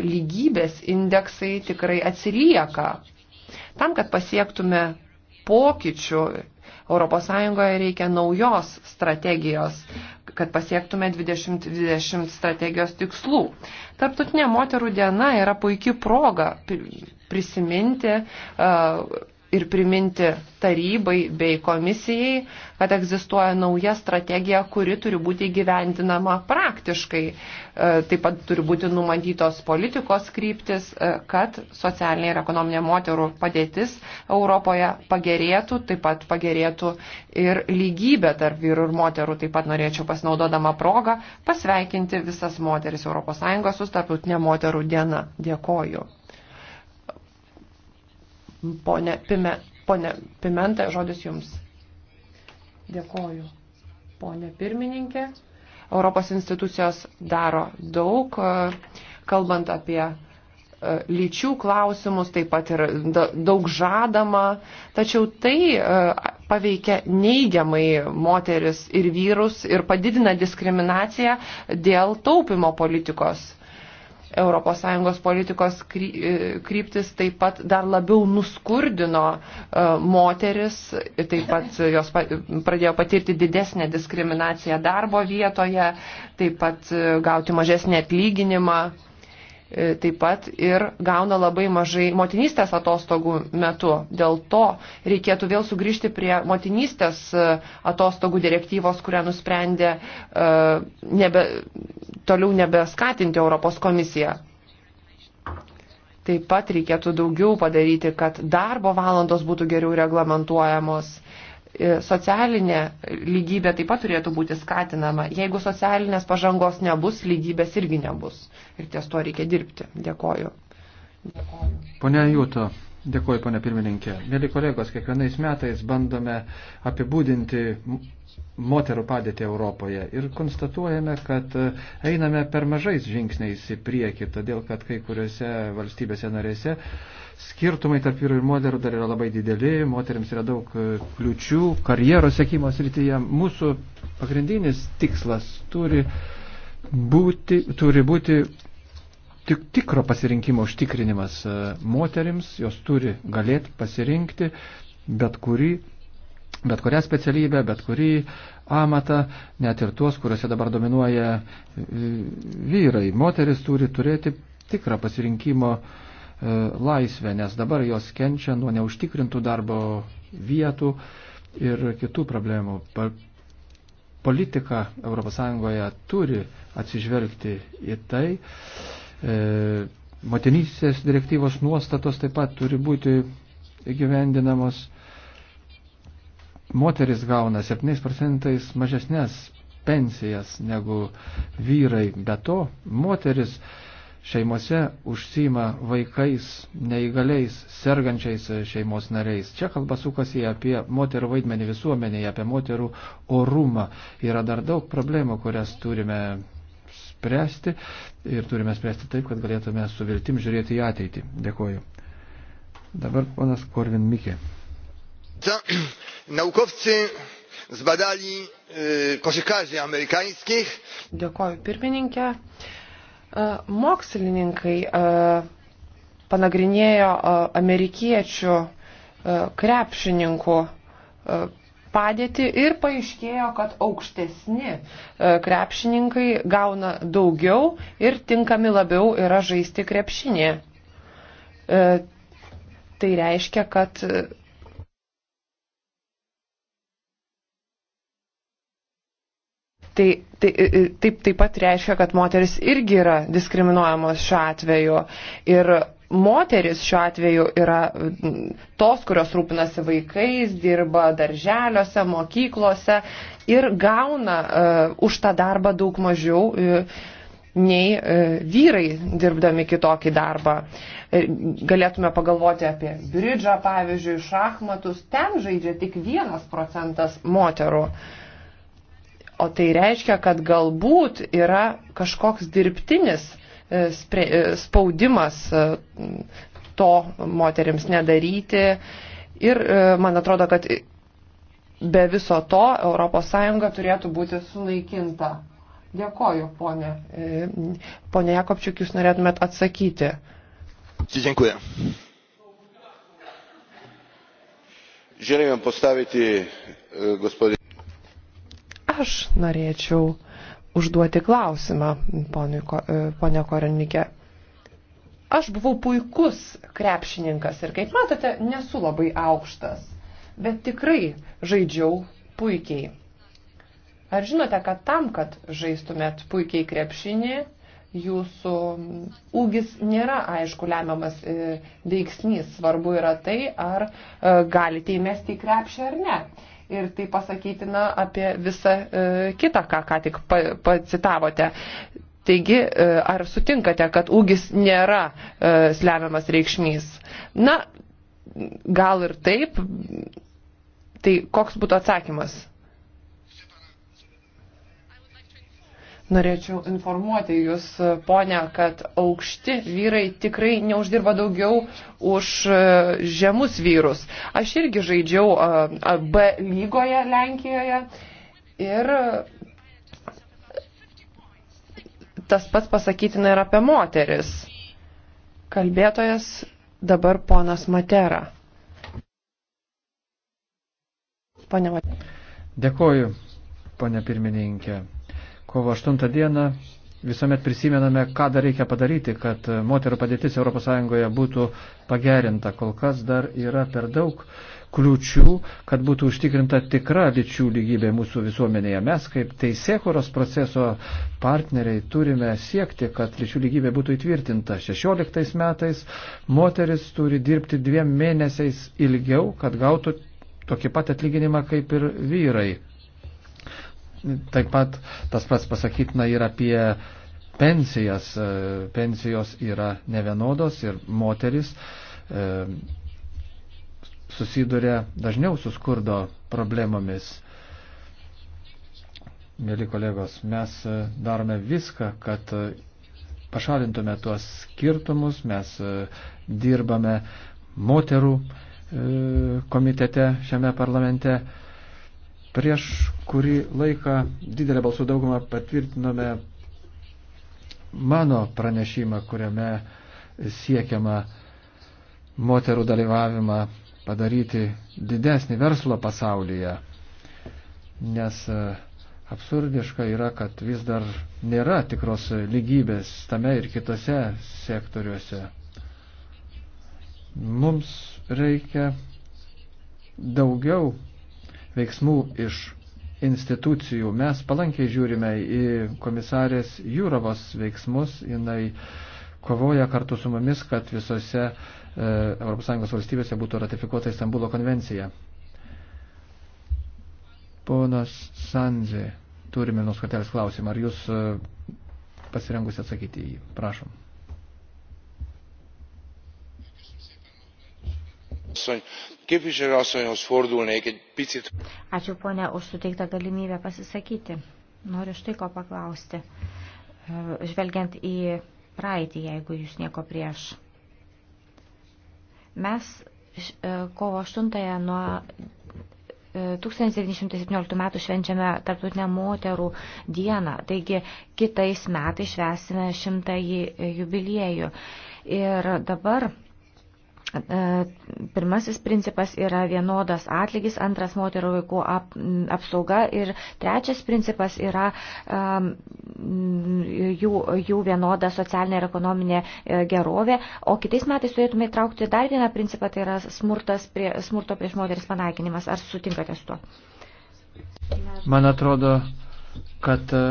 lygybės indeksai tikrai atsilieka. Tam, kad pasiektume pokyčių ES reikia naujos strategijos kad pasiektume 2020 strategijos tikslų. Tarptautinė moterų diena yra puikia proga prisiminti uh, ir priminti tarybai bei komisijai, kad egzistuoja nauja strategija, kuri turi būti gyvendinama praktiškai. E, taip pat turi būti numatytos politikos kryptis, e, kad socialinė ir ekonominė moterų padėtis Europoje pagerėtų, taip pat pagerėtų ir lygybė tarp vyrų ir moterų. Taip pat norėčiau pasinaudodama progą pasveikinti visas moteris ES su tarptautinė moterų diena. Dėkoju. Pone, pime, pone Pimentą, žodis jums. Dėkoju, ponė pirmininkė. Europos institucijos daro daug, kalbant apie e, lyčių klausimus, taip pat ir daug žadama, tačiau tai e, paveikia neigiamai moteris ir vyrus ir padidina diskriminaciją dėl taupimo politikos. ES politikos e, kryptis taip pat dar labiau nuskurdino e, moteris, taip pat jos pradėjo patirti didesnę diskriminaciją darbo vietoje, taip pat e, gauti mažesnį atlyginimą. E, taip pat ir gauna labai mažai motinystės atostogų metu. Dėl to reikėtų vėl sugrįžti prie motinystės e, atostogų direktyvos, kurią nusprendė e, nebe, toliau nebeskatinti Europos komisija. Taip pat reikėtų daugiau padaryti, kad darbo valandos būtų geriau reglamentuojamos, socialinė lygybė taip pat turėtų būti skatinama. Jeigu socialinės pažangos nebus, lygybės irgi nebus. Ir ties to reikia dirbti. Dėkoju. Dėkoju. Pone Jūto, Dėkuoju, ponė pirmininkė. Mėly kolegos, kiekvienais metais bandome apibūdinti moterų padėtį Europoje ir konstatuojame, kad e, einame per mažais žingsniais į priekį, todėl kad kai kuriuose valstybėse narėse skirtumai tarp vyrų ir moterų dar yra labai dideli, moteriams yra daug e, kliučių, karjeros sėkimo srityje. Mūsų pagrindinis tikslas turi būti, turi būti tik, tikro pasirinkimo užtikrinimas e, moterims, jos turi galėti pasirinkti bet, kurį, bet kurią specialybę, bet kurį amatą, net ir tuos, kuriuose dabar dominuoja e, vyrai. Moteris turi turėti tikrą pasirinkimo e, laisvę, nes dabar jos kenčia nuo neužtikrintų darbo vietų ir kitų problemų. Politika ES turi atsižvelgti į tai E, Motinysės direktyvos nuostatos taip pat turi būti įgyvendinamos. Moteris gauna 7 procentais mažesnės pensijas negu vyrai. Be to, moteris šeimose užsima vaikais, neįgaliais, sergančiais šeimos nariais. Čia kalba sukasi apie moterų vaidmenį visuomenėje, apie moterų orumą. Yra dar daug problemų, kurias turime spręsti ir turime spręsti taip, kad galėtume su viltim žiūrėti į ateitį. Dėkuoju. Dabar ponas Korvin Mikė. (clears throat) Naukowcy zbadali koszykarzy amerykańskich. Dėkuoju pirmininkė. E, mokslininkai e, panagrinėjo e, amerikiečių krepšininkų padėtį ir paaiškėjo, kad aukštesni e, krepšininkai gauna daugiau ir tinkami labiau yra žaisti krepšinė. E, tai reiškia, kad e, Tai, tai, taip, taip pat reiškia, kad moteris irgi yra diskriminuojamos šiuo atveju ir moteris šiuo atveju yra tos, kurios rūpinasi vaikais, dirba darželiuose, mokyklose ir gauna uh, už tą darbą daug mažiau uh, nei uh, vyrai dirbdami kitokį darbą. Galėtume pagalvoti apie bridžą, pavyzdžiui, šachmatus. Ten žaidžia tik vienas procentas moterų. O tai reiškia, kad galbūt yra kažkoks dirbtinis E, spaudimas e, to moteriams nedaryti. Ir e, man atrodo, kad be viso to ES turėtų būti sulaikinta. Dėkoju, ponė. Pone Jakobčiuk, jūs norėtumėt atsakyti. Dziękuję. Želim vam postaviti, gospodin. Aš norėčiau užduoti klausimą, ponė e, Koreninkė. Aš buvau puikus krepšininkas ir, kaip matote, nesu labai aukštas, bet tikrai žaidžiau puikiai. Ar žinote, kad tam, kad žaistumėt puikiai krepšinį, jūsų ūgis nėra, aišku, lemiamas e, veiksnys. Svarbu yra tai, ar e, galite įmesti į krepšį ar ne. Ir tai pasakytina apie visą e, kitą, ką ką tik pacitavote. Taigi, e, ar sutinkate, kad ūgis nėra e, slemiamas reikšmys? Na, gal ir taip. Tai koks būtų atsakymas? Norėčiau informuoti Jūs, ponia, kad aukšti vyrai tikrai neuždirba daugiau už e, žemus vyrus. Aš irgi žaidžiau e, B lygoje Lenkijoje ir tas pats pasakytina ir apie moteris. Kalbėtojas dabar ponas Matera. Pone Matera. Dėkoju, ponia pirmininkė kovo 8 dieną visuomet prisimename, ką dar reikia padaryti, kad moterų padėtis ES būtų pagerinta. Kol kas dar yra per daug kliučių, kad būtų užtikrinta tikra lyčių lygybė mūsų visuomenėje. Mes kaip teisėkuros proceso partneriai turime siekti, kad lyčių lygybė būtų įtvirtinta. 16 metais moteris turi dirbti dviem mėnesiais ilgiau, kad gautų tokį pat atlyginimą kaip ir vyrai. Taip pat tas pats pasakytina ir apie pensijas. E, pensijos yra nevienodos ir moteris e, susiduria dažniau su skurdo problemomis. Mėly kolegos, mes e, darome viską, kad pašalintume tuos skirtumus, mes dirbame moterų komitete šiame parlamente. Prieš kurį laiką didelę balsų daugumą patvirtinome mano pranešimą, kuriame siekiama moterų dalyvavimą padaryti didesnį verslo pasaulyje. Nes e, absurdiška yra, kad vis dar nėra tikros lygybės tame ir kitose sektoriuose. Mums reikia daugiau veiksmų iš institucijų. Mes palankiai žiūrime į komisarės Jūrovos veiksmus. Jinai kovoja kartu su mumis, kad visose ES valstybėse būtų ratifikuota Istanbulo konvencija. Ponas Sanzi, turime nuskatelės klausimą. Ar jūs e, pasirengusi atsakyti į jį? Prašom. Képviselő asszonyhoz fordulnék egy picit. Ačiū ponia už suteiktą galimybę pasisakyti. Noriu štai ko paklausti. E, žvelgiant į praeitį, jeigu jūs nieko prieš. Mes e, kovo 8 nuo 1917 e, metų švenčiame Tarptautinę moterų dieną, taigi kitais metais švesime šimtąjį jubiliejų. Ir dabar E, pirmasis principas yra vienodas atlygis, antras moterų vaikų ap, apsauga ir trečias principas yra um, jų, jų vienoda socialinė ir ekonominė e, gerovė. O kitais metais turėtume įtraukti dar vieną principą, tai yra smurtas prie, smurto prieš moteris panaikinimas. Ar sutinkate su tuo? Man atrodo, kad e,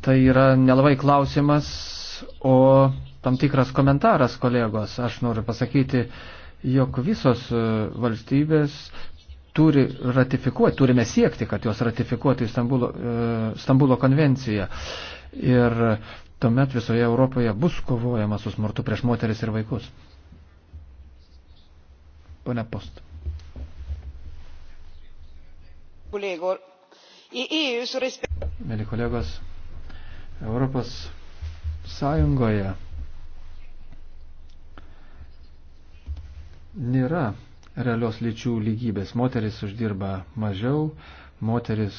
tai yra nelabai klausimas, o tam tikras komentaras, kolegos. Aš noriu pasakyti, jog visos e, valstybės turi ratifikuoti, turime siekti, kad jos ratifikuotų Stambulo, e, Stambulo konvenciją. Ir tuomet visoje Europoje bus kovojama su smurtu prieš moteris ir vaikus. Pone Post. E Mėly kolegos, Europos Sąjungoje nėra realios lyčių lygybės. Moteris uždirba mažiau, moteris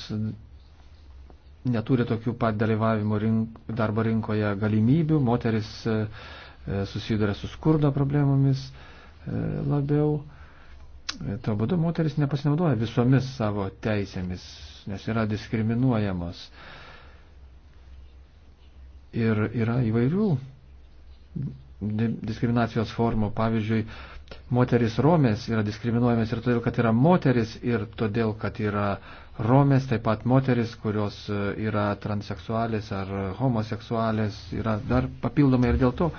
neturi tokių pat dalyvavimo rink, darbo rinkoje galimybių, moteris e, e, susiduria su skurdo problemomis e, labiau. Tuo būdu moteris nepasinaudoja visomis savo teisėmis, nes yra diskriminuojamos. Ir yra įvairių diskriminacijos formų, pavyzdžiui, moteris romės yra diskriminuojamas ir todėl, kad yra moteris ir todėl, kad yra romės, taip pat moteris, kurios e, yra transseksualės ar homoseksualės, yra dar papildomai ir dėl to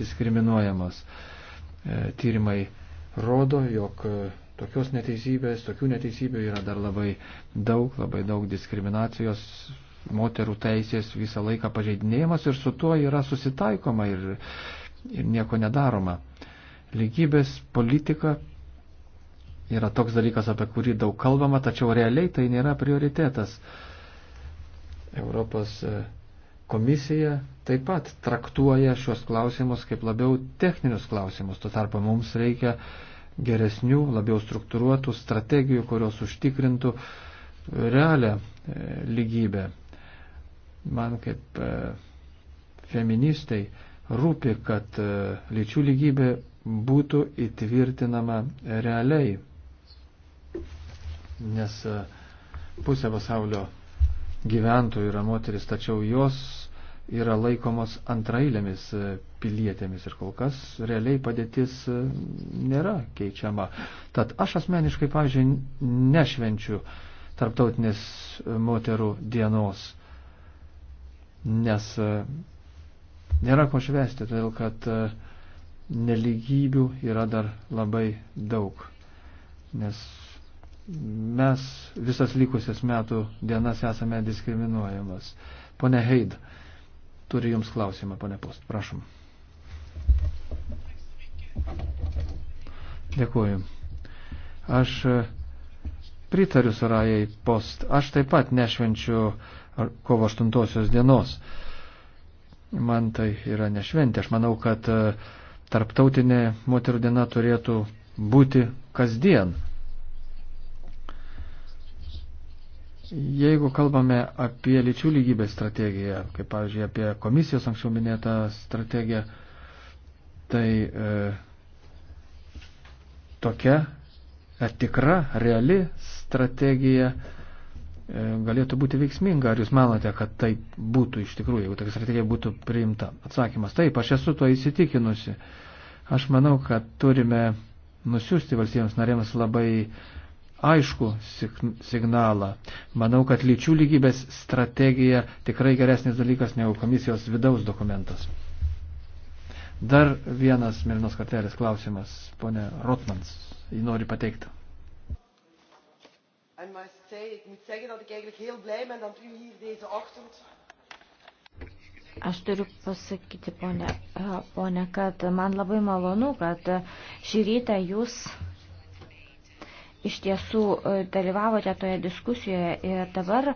diskriminuojamos. E, tyrimai rodo, jog e, tokios neteisybės, tokių neteisybių yra dar labai daug, labai daug diskriminacijos, moterų teisės visą laiką pažeidinėjimas ir su tuo yra susitaikoma ir, ir nieko nedaroma. Lygybės politika yra toks dalykas, apie kurį daug kalbama, tačiau realiai tai nėra prioritetas. Europos e, komisija taip pat traktuoja šios klausimus kaip labiau techninius klausimus. Tuo tarpu mums reikia geresnių, labiau struktūruotų strategijų, kurios užtikrintų realią e, lygybę. Man kaip e, feministai rūpi, kad lyčių lygybė būtų įtvirtinama realiai. Nes e, pusė pasaulio gyventojų yra moteris, tačiau jos yra laikomos antrailėmis e, pilietėmis ir kol kas realiai padėtis e, nėra keičiama. Tad aš asmeniškai, pavyzdžiui, nešvenčiu tarptautinės moterų dienos, nes nėra ko švesti, todėl kad uh, neligybių yra dar labai daug. Nes mes visas likusias metų dienas esame diskriminuojamas. Pone Heid, turi Jums klausimą, pone Post, prašom. Dėkuoju. Aš e, pritariu Sarajai Post. Aš taip pat nešvenčiu kovo 8 dienos. Man tai yra nešventė. Aš manau, kad uh, Tarptautinė moterų diena turėtų būti kasdien. Jeigu kalbame apie lyčių lygybės strategiją, kaip pavyzdžiui apie komisijos anksčiau minėtą strategiją, tai e, tokia e, tikra, reali strategija E, galėtų būti veiksminga. Ar jūs manote, kad taip būtų iš tikrųjų, jeigu tokia strategija būtų priimta? Atsakymas taip, aš esu tuo įsitikinusi. Aš manau, kad turime nusiųsti valstybėms narėms labai aišku signalą. Manau, kad lyčių lygybės strategija tikrai geresnis dalykas negu komisijos vidaus dokumentas. Dar vienas Mirnos kartelės klausimas, ponė Rotmans, jį nori pateikti. And my zei. Ik moet zeggen dat ik eigenlijk heel blij ben dat u hier deze ochtend. Aš turiu pasakyti, ponė, ponė, kad man labai malonu, kad šį rytą jūs iš tiesų dalyvavote toje diskusijoje ir dabar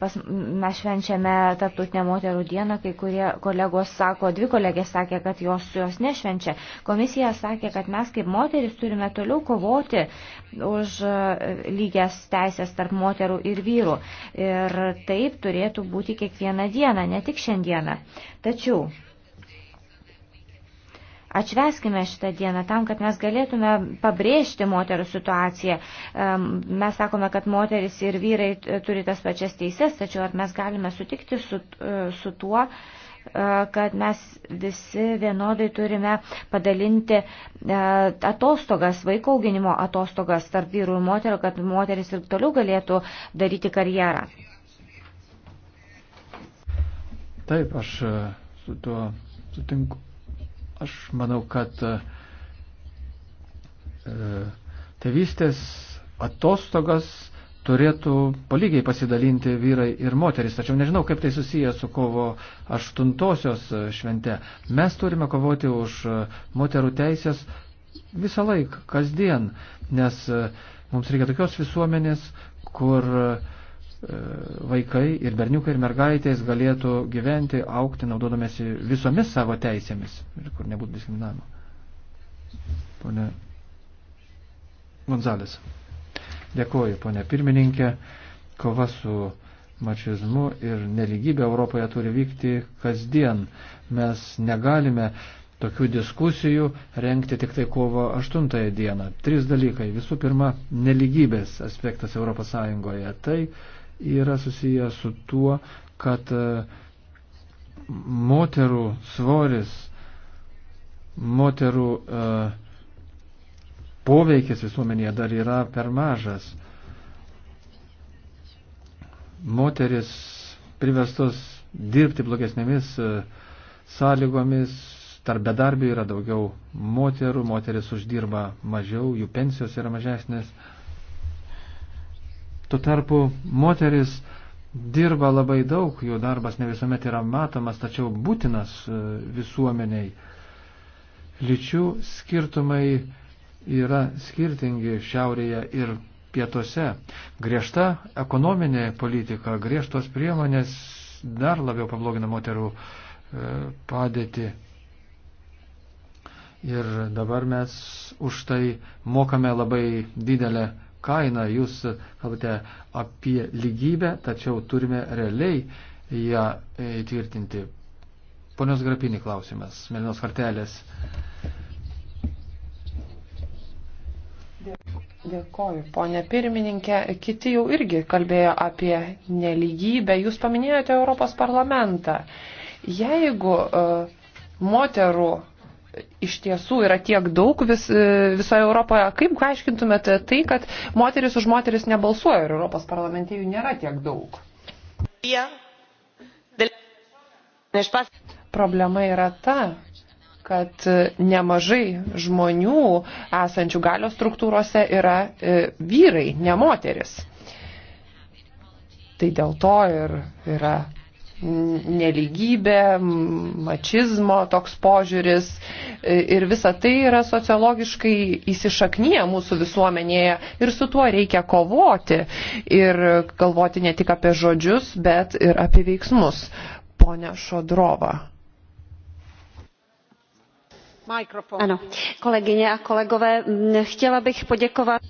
Pas, mes švenčiame Tarptautinę moterų dieną, kai kurie kolegos sako, dvi kolegės sakė, kad jos jos nešvenčia. Komisija sakė, kad mes kaip moteris turime toliau kovoti už e, lygias teisės tarp moterų ir vyrų. Ir taip turėtų būti kiekvieną dieną, ne tik šiandieną. Tačiau Atšveskime šitą dieną tam, kad mes galėtume pabrėžti moterų situaciją. Mes sakome, kad moteris ir vyrai turi tas pačias teises, tačiau ar mes galime sutikti su, e, su tuo, e, kad mes visi vienodai turime padalinti e, atostogas, vaiko auginimo atostogas tarp vyrų ir moterų, kad moteris ir toliau galėtų daryti karjerą. Taip, aš su tuo sutinku. Aš manau, kad e, tėvystės atostogas turėtų palygiai pasidalinti vyrai ir moteris, tačiau nežinau, kaip tai susiję su kovo aštuntosios e, švente. Mes turime kovoti už e, moterų teisės visą laiką, kasdien, nes e, mums reikia tokios visuomenės, kur e, E, vaikai ir berniukai ir mergaitės galėtų gyventi, aukti, naudodamėsi visomis savo teisėmis ir kur nebūtų diskriminavimo. Pone Gonzalės. Dėkuoju, ponė pirmininkė. Kova su mačizmu ir neligybė Europoje turi vykti kasdien. Mes negalime tokių diskusijų renkti tik tai kovo 8 dieną. Trys dalykai. Visų pirma, neligybės aspektas ES. Tai yra susijęs su tuo, kad e, moterų svoris, moterų e, poveikis visuomenėje dar yra per mažas. Moteris privestos dirbti blogesnėmis e, sąlygomis, tarp bedarbių yra daugiau moterų, moteris uždirba mažiau, jų pensijos yra mažesnės. Tuo tarpu moteris dirba labai daug, jų darbas ne visuomet yra matomas, tačiau būtinas e, visuomeniai. Lyčių skirtumai yra skirtingi šiaurėje ir pietuose. Griežta ekonominė politika, griežtos priemonės dar labiau pablogina moterų e, padėti. Ir dabar mes už tai mokame labai didelę kainą. Jūs kalbate apie lygybę, tačiau turime realiai ją įtvirtinti. Ponios Grapinį klausimas, Melinos kartelės. Dėkoju, ponė pirmininkė. Kiti jau irgi kalbėjo apie neligybę. Jūs paminėjote Europos parlamentą. Jeigu uh, moterų iš tiesų yra tiek daug vis, e, visoje Europoje. Kaip aiškintumėte tai, kad moteris už moteris nebalsuoja ir Europos parlamente jų nėra tiek daug? Problema yra ta, kad nemažai žmonių esančių galios struktūrose yra e, vyrai, ne moteris. Tai dėl to ir yra neligybė, mačizmo toks požiūris ir visa tai yra sociologiškai įsišaknyje mūsų visuomenėje ir su tuo reikia kovoti ir galvoti ne tik apie žodžius, bet ir apie veiksmus. Pone Šodrova. Mikrofon. Ano, kolegyně a kolegové, chtěla bych poděkovat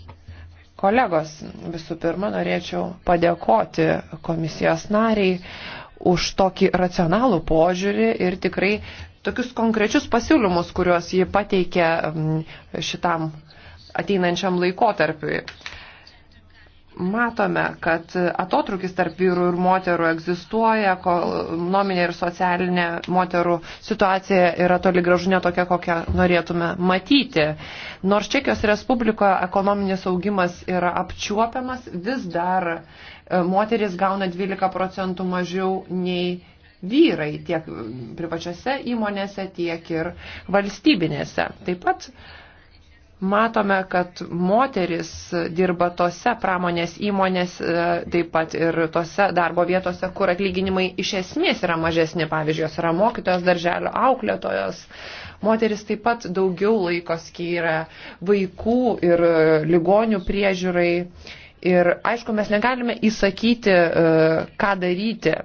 kolegos, visų pirma, norėčiau padėkoti komisijos nariai už tokį racionalų požiūrį ir tikrai tokius konkrečius pasiūlymus, kuriuos ji pateikė mm, šitam ateinančiam laikotarpiui matome, kad atotrukis tarp vyrų ir moterų egzistuoja, ekonominė ir socialinė moterų situacija yra toli gražu ne tokia, kokią norėtume matyti. Nors Čekijos Respublikoje ekonominis augimas yra apčiuopiamas, vis dar e, moteris gauna 12 procentų mažiau nei vyrai tiek privačiose įmonėse, tiek ir valstybinėse. Taip pat matome, kad moteris dirba tose pramonės įmonės, e, taip pat ir tose darbo vietose, kur atlyginimai iš esmės yra mažesni, pavyzdžiui, jos yra mokytojos darželio auklėtojos. Moteris taip pat daugiau laiko skyra vaikų ir e, ligonių priežiūrai. Ir aišku, mes negalime įsakyti, e, ką daryti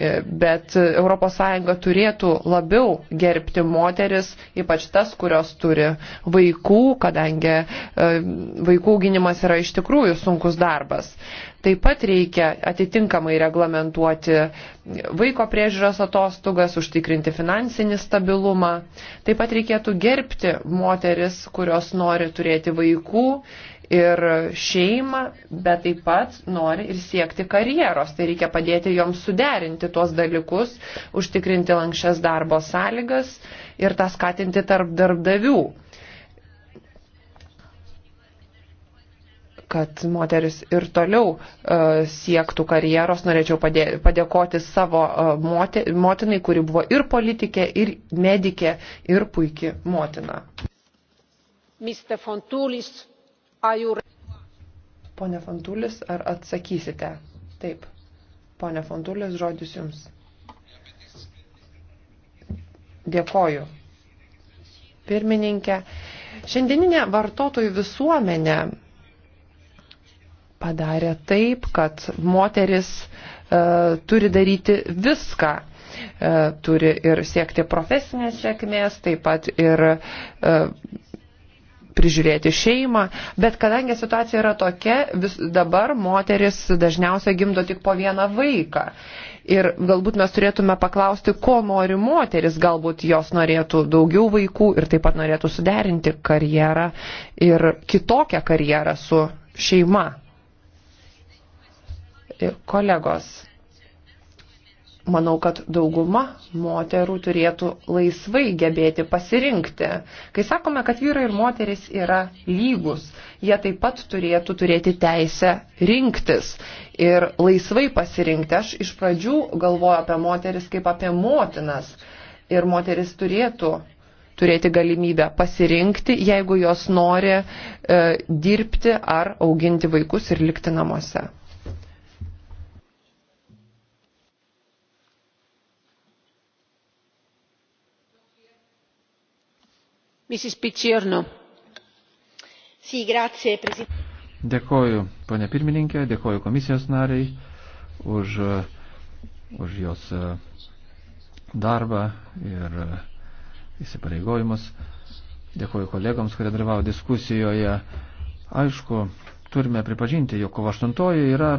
E, bet ES turėtų labiau gerbti moteris, ypač tas, kurios turi vaikų, kadangi e, vaikų gynimas yra iš tikrųjų sunkus darbas. Taip pat reikia atitinkamai reglamentuoti vaiko priežiūros atostogas, užtikrinti finansinį stabilumą. Taip pat reikėtų gerbti moteris, kurios nori turėti vaikų ir šeimą, bet taip pat nori ir siekti karjeros. Tai reikia padėti joms suderinti tuos dalykus, užtikrinti lankščias darbo sąlygas ir tą skatinti tarp darbdavių. kad moteris ir toliau uh, siektų karjeros. Norėčiau padė, padėkoti savo uh, e, moti, motinai, kuri buvo ir politikė, ir medikė, ir puikia motina. Mr. Fontulis. Pone Fantulis, ar atsakysite? Taip. Pone Fantulis, žodis jums. Dėkoju. Pirmininkė, šiandieninė vartotojų visuomenė padarė taip, kad moteris e, turi daryti viską. E, turi ir siekti profesinės sėkmės, taip pat ir e, prižiūrėti šeimą, bet kadangi situacija yra tokia, vis, dabar moteris dažniausiai gimdo tik po vieną vaiką. Ir galbūt mes turėtume paklausti, ko nori moteris, galbūt jos norėtų daugiau vaikų ir taip pat norėtų suderinti karjerą ir kitokią karjerą su šeima. Ir kolegos, Manau, kad dauguma moterų turėtų laisvai gebėti pasirinkti. Kai sakome, kad vyrai ir moteris yra lygus, jie taip pat turėtų turėti teisę rinktis ir laisvai pasirinkti. Aš iš pradžių galvoju apie moteris kaip apie motinas ir moteris turėtų turėti galimybę pasirinkti, jeigu jos nori e, dirbti ar auginti vaikus ir likti namuose. Dėkoju, ponė pirmininkė, dėkoju komisijos nariai už, už jos e, darbą ir e, įsipareigojimus. Dėkoju kolegams, kurie dalyvavo diskusijoje. Aišku, turime pripažinti, jog kovo 8 yra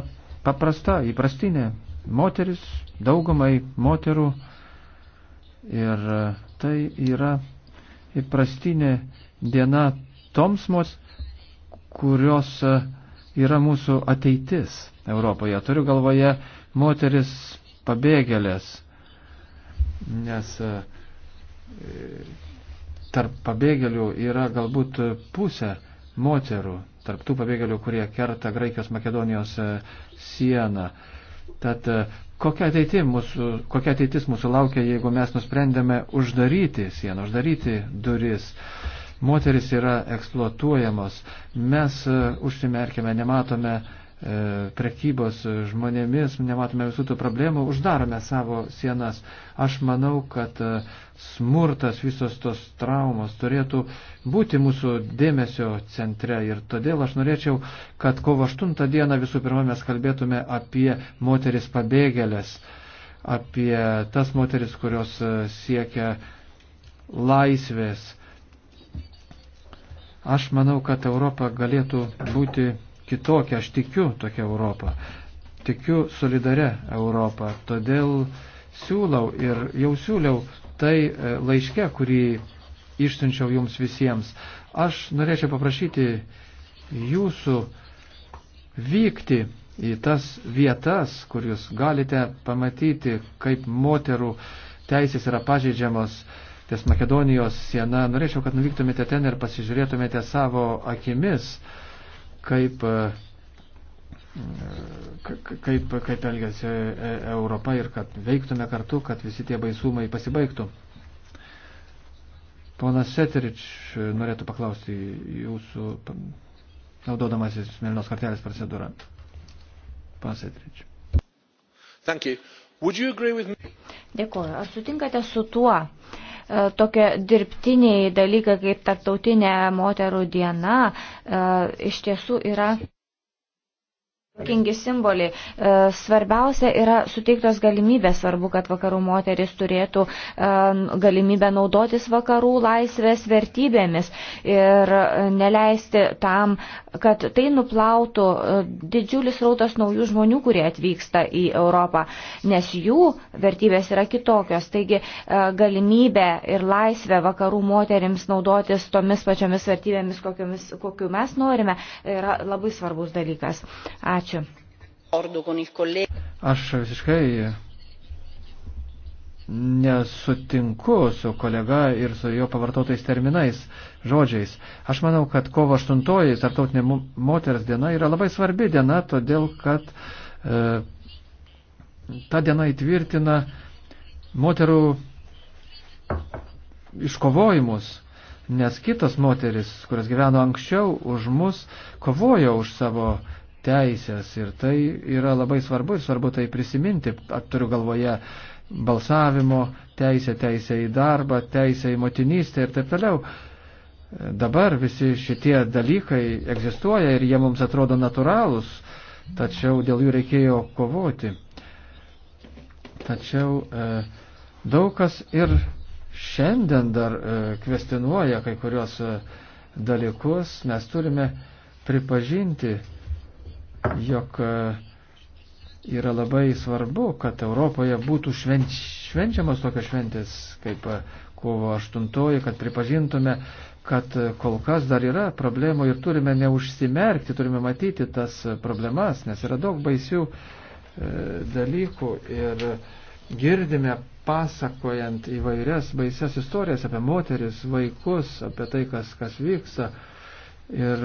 paprasta, įprastinė moteris, daugumai moterų. Ir e, tai yra įprastinė diena toms mus, kurios e, yra mūsų ateitis Europoje. Turiu galvoje moteris pabėgėlės, nes e, tarp pabėgėlių yra galbūt pusė moterų, tarp tų pabėgėlių, kurie kerta Graikijos Makedonijos e, sieną. Tad Kokia, mūsų, kokia ateitis mūsų laukia, jeigu mes nusprendėme uždaryti sieną, uždaryti duris? Moteris yra eksploatuojamos, mes e, užsimerkime, nematome E, prekybos žmonėmis, nematome visų tų problemų, uždarome savo sienas. Aš manau, kad e, smurtas, visos tos traumos turėtų būti mūsų dėmesio centre ir todėl aš norėčiau, kad kovo 8 dieną visų pirma mes kalbėtume apie moteris pabėgėlės, apie tas moteris, kurios e, siekia laisvės. Aš manau, kad Europa galėtų būti kitokią, aš tikiu tokią Europą, tikiu solidarę Europą, todėl siūlau ir jau siūliau tai e, laiške, kurį išsiunčiau jums visiems. Aš norėčiau paprašyti jūsų vykti į tas vietas, kur jūs galite pamatyti, kaip moterų teisės yra pažeidžiamos ties Makedonijos siena. Norėčiau, kad nuvyktumėte ten ir pasižiūrėtumėte savo akimis, E, kaip, kaip, kaip elgėsi e, Europa ir kad veiktume kartu, kad visi tie baisumai pasibaigtų. Ponas Šeterič norėtų paklausti jūsų, naudodamasis Melinos kartelės procedūrą. Ponas Šeterič. Thank you. With... Dėkuoju. Ar sutinkate su tuo? E, tokie dirbtiniai dalykai kaip tarptautinė moterų diena e, iš tiesų yra Kingi simboliai. E, svarbiausia yra suteiktos galimybės, svarbu, kad vakarų moteris turėtų e, galimybę naudotis vakarų laisvės vertybėmis ir e, neleisti tam, kad tai nuplautų didžiulis rautas naujų žmonių, kurie atvyksta į Europą, nes jų vertybės yra kitokios. Taigi galimybė ir laisvė vakarų moterims naudotis tomis pačiomis vertybėmis, kokiu mes norime, yra labai svarbus dalykas. Ačiū. Ačiū. Aš visiškai nesutinku su kolega ir su jo pavartotais terminais, žodžiais. Aš manau, kad kovo 8-oji tarptautinė moters diena yra labai svarbi diena, todėl kad e, ta diena įtvirtina moterų iškovojimus, nes kitos moteris, kurios gyveno anksčiau už mus, kovojo už savo teisės. Ir tai yra labai svarbu, svarbu tai prisiminti. Turiu galvoje balsavimo teisę, teisę į darbą, teisę į motinystę ir taip toliau. Dabar visi šitie dalykai egzistuoja ir jie mums atrodo natūralūs, tačiau dėl jų reikėjo kovoti. Tačiau e, daug kas ir šiandien dar e, kvestinuoja kai kurios e, dalykus. Mes turime pripažinti jog e, yra labai svarbu, kad Europoje būtų švenč, švenčiamas tokios šventės kaip e, kovo 8, kad pripažintume, kad e, kol kas dar yra problemų ir turime neužsimerkti, turime matyti tas problemas, nes yra daug baisių e, dalykų ir girdime pasakojant įvairias baises istorijas apie moteris, vaikus, apie tai, kas, kas vyksta. Ir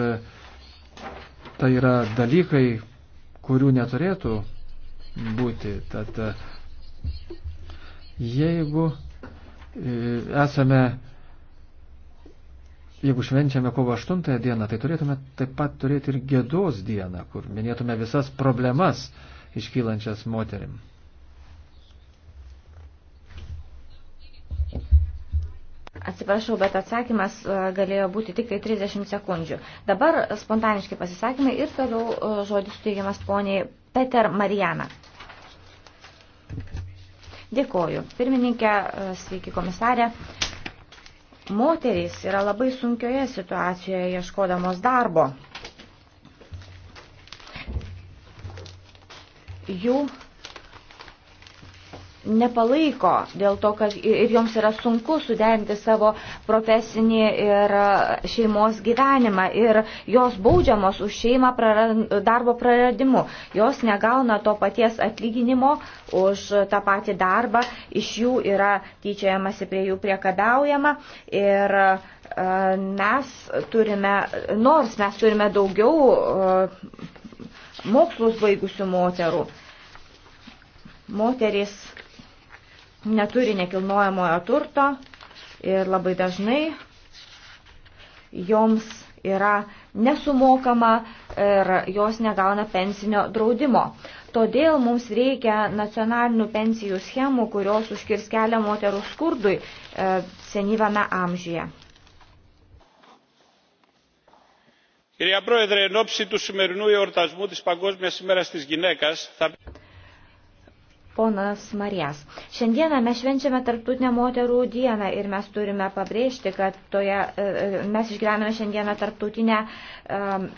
Tai yra dalykai, kurių neturėtų būti. Tad jeigu e, esame, jeigu švenčiame kovo 8 dieną, tai turėtume taip pat turėti ir gėdos dieną, kur minėtume visas problemas iškylančias moterim. Atsiprašau, bet atsakymas e, galėjo būti tik tai 30 sekundžių. Dabar spontaniški pasisakymai ir toliau e, žodis suteikiamas poniai Peter Marijana. Dėkoju. Pirmininkė, e, sveiki komisarė. Moterys yra labai sunkioje situacijoje ieškodamos darbo. Jų nepalaiko dėl to, kad ir joms yra sunku suderinti savo profesinį ir šeimos gyvenimą ir jos baudžiamos už šeimą prarad, darbo praradimu. Jos negauna to paties atlyginimo už tą patį darbą, iš jų yra tyčiajamasi prie jų priekabiaujama ir mes turime, nors mes turime daugiau mokslus baigusių moterų, moteris neturi nekilnojamojo turto ir labai dažnai joms yra nesumokama ir jos negauna pensinio draudimo. Todėl mums reikia nacionalinių pensijų schemų, kurios užkirs kelią moterų skurdui e, senyvame amžiuje. Κυρία Πρόεδρε, εν ώψη του σημερινού εορτασμού της Παγκόσμιας ημέρας της γυναίκας θα ponas Marijas. Šiandieną mes švenčiame Tarptautinę moterų dieną ir mes turime pabrėžti, kad toje, e, e, mes išgyvename šiandieną Tarptautinę um,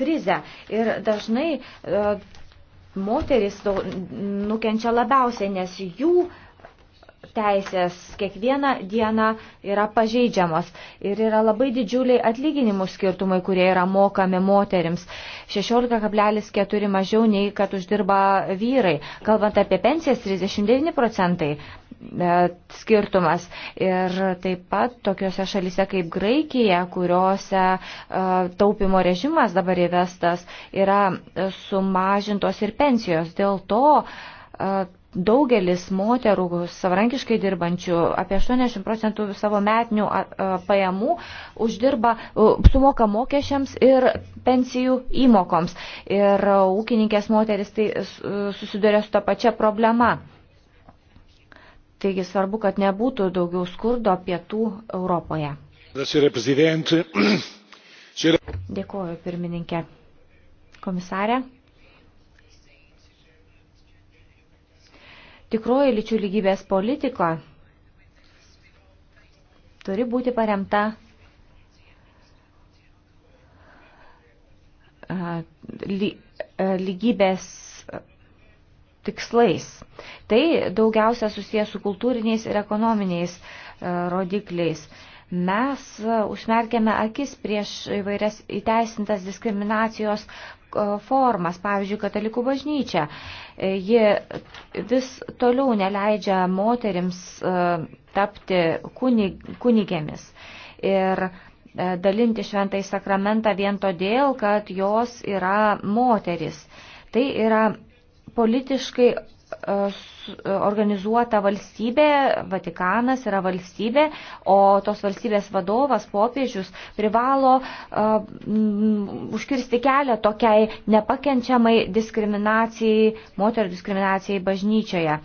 krizę. Ir dažnai uh, moteris nukenčia labiausiai, nes jų uh, teisės kiekvieną dieną yra pažeidžiamos ir yra labai didžiuliai atlyginimų skirtumai, kurie yra mokami moterims. 16,4 mažiau nei kad uždirba vyrai. Kalbant apie pensijas, 39 procentai e, skirtumas. Ir taip pat tokiuose šalise kaip Graikija, kuriuose e, taupimo režimas dabar įvestas, yra sumažintos ir pensijos. Dėl to e, daugelis moterų savarankiškai dirbančių, apie 80 procentų savo metinių pajamų uždirba, sumoka mokesčiams ir pensijų įmokoms. Ir ūkininkės moteris tai susiduria su ta pačia problema. Taigi svarbu, kad nebūtų daugiau skurdo pietų Europoje. (clears throat) Dėkuoju, pirmininkė. Komisarė. Tikroji lyčių lygybės politika turi būti paremta lygybės tikslais. Tai daugiausia susijęs su kultūriniais ir ekonominiais rodikliais. Mes užmerkėme akis prieš įvairias įteisintas diskriminacijos E, formas, pavyzdžiui, katalikų bažnyčia. E, ji vis toliau neleidžia moterims e, tapti kunig, kunigėmis ir dalinti šventai sakramentą vien todėl, kad jos yra moteris. Tai yra politiškai E, e, organizuota valstybė, Vatikanas yra valstybė, o tos valstybės vadovas, popiežius, privalo uh, užkirsti kelią tokiai nepakenčiamai diskriminacijai, moterų diskriminacijai bažnyčioje.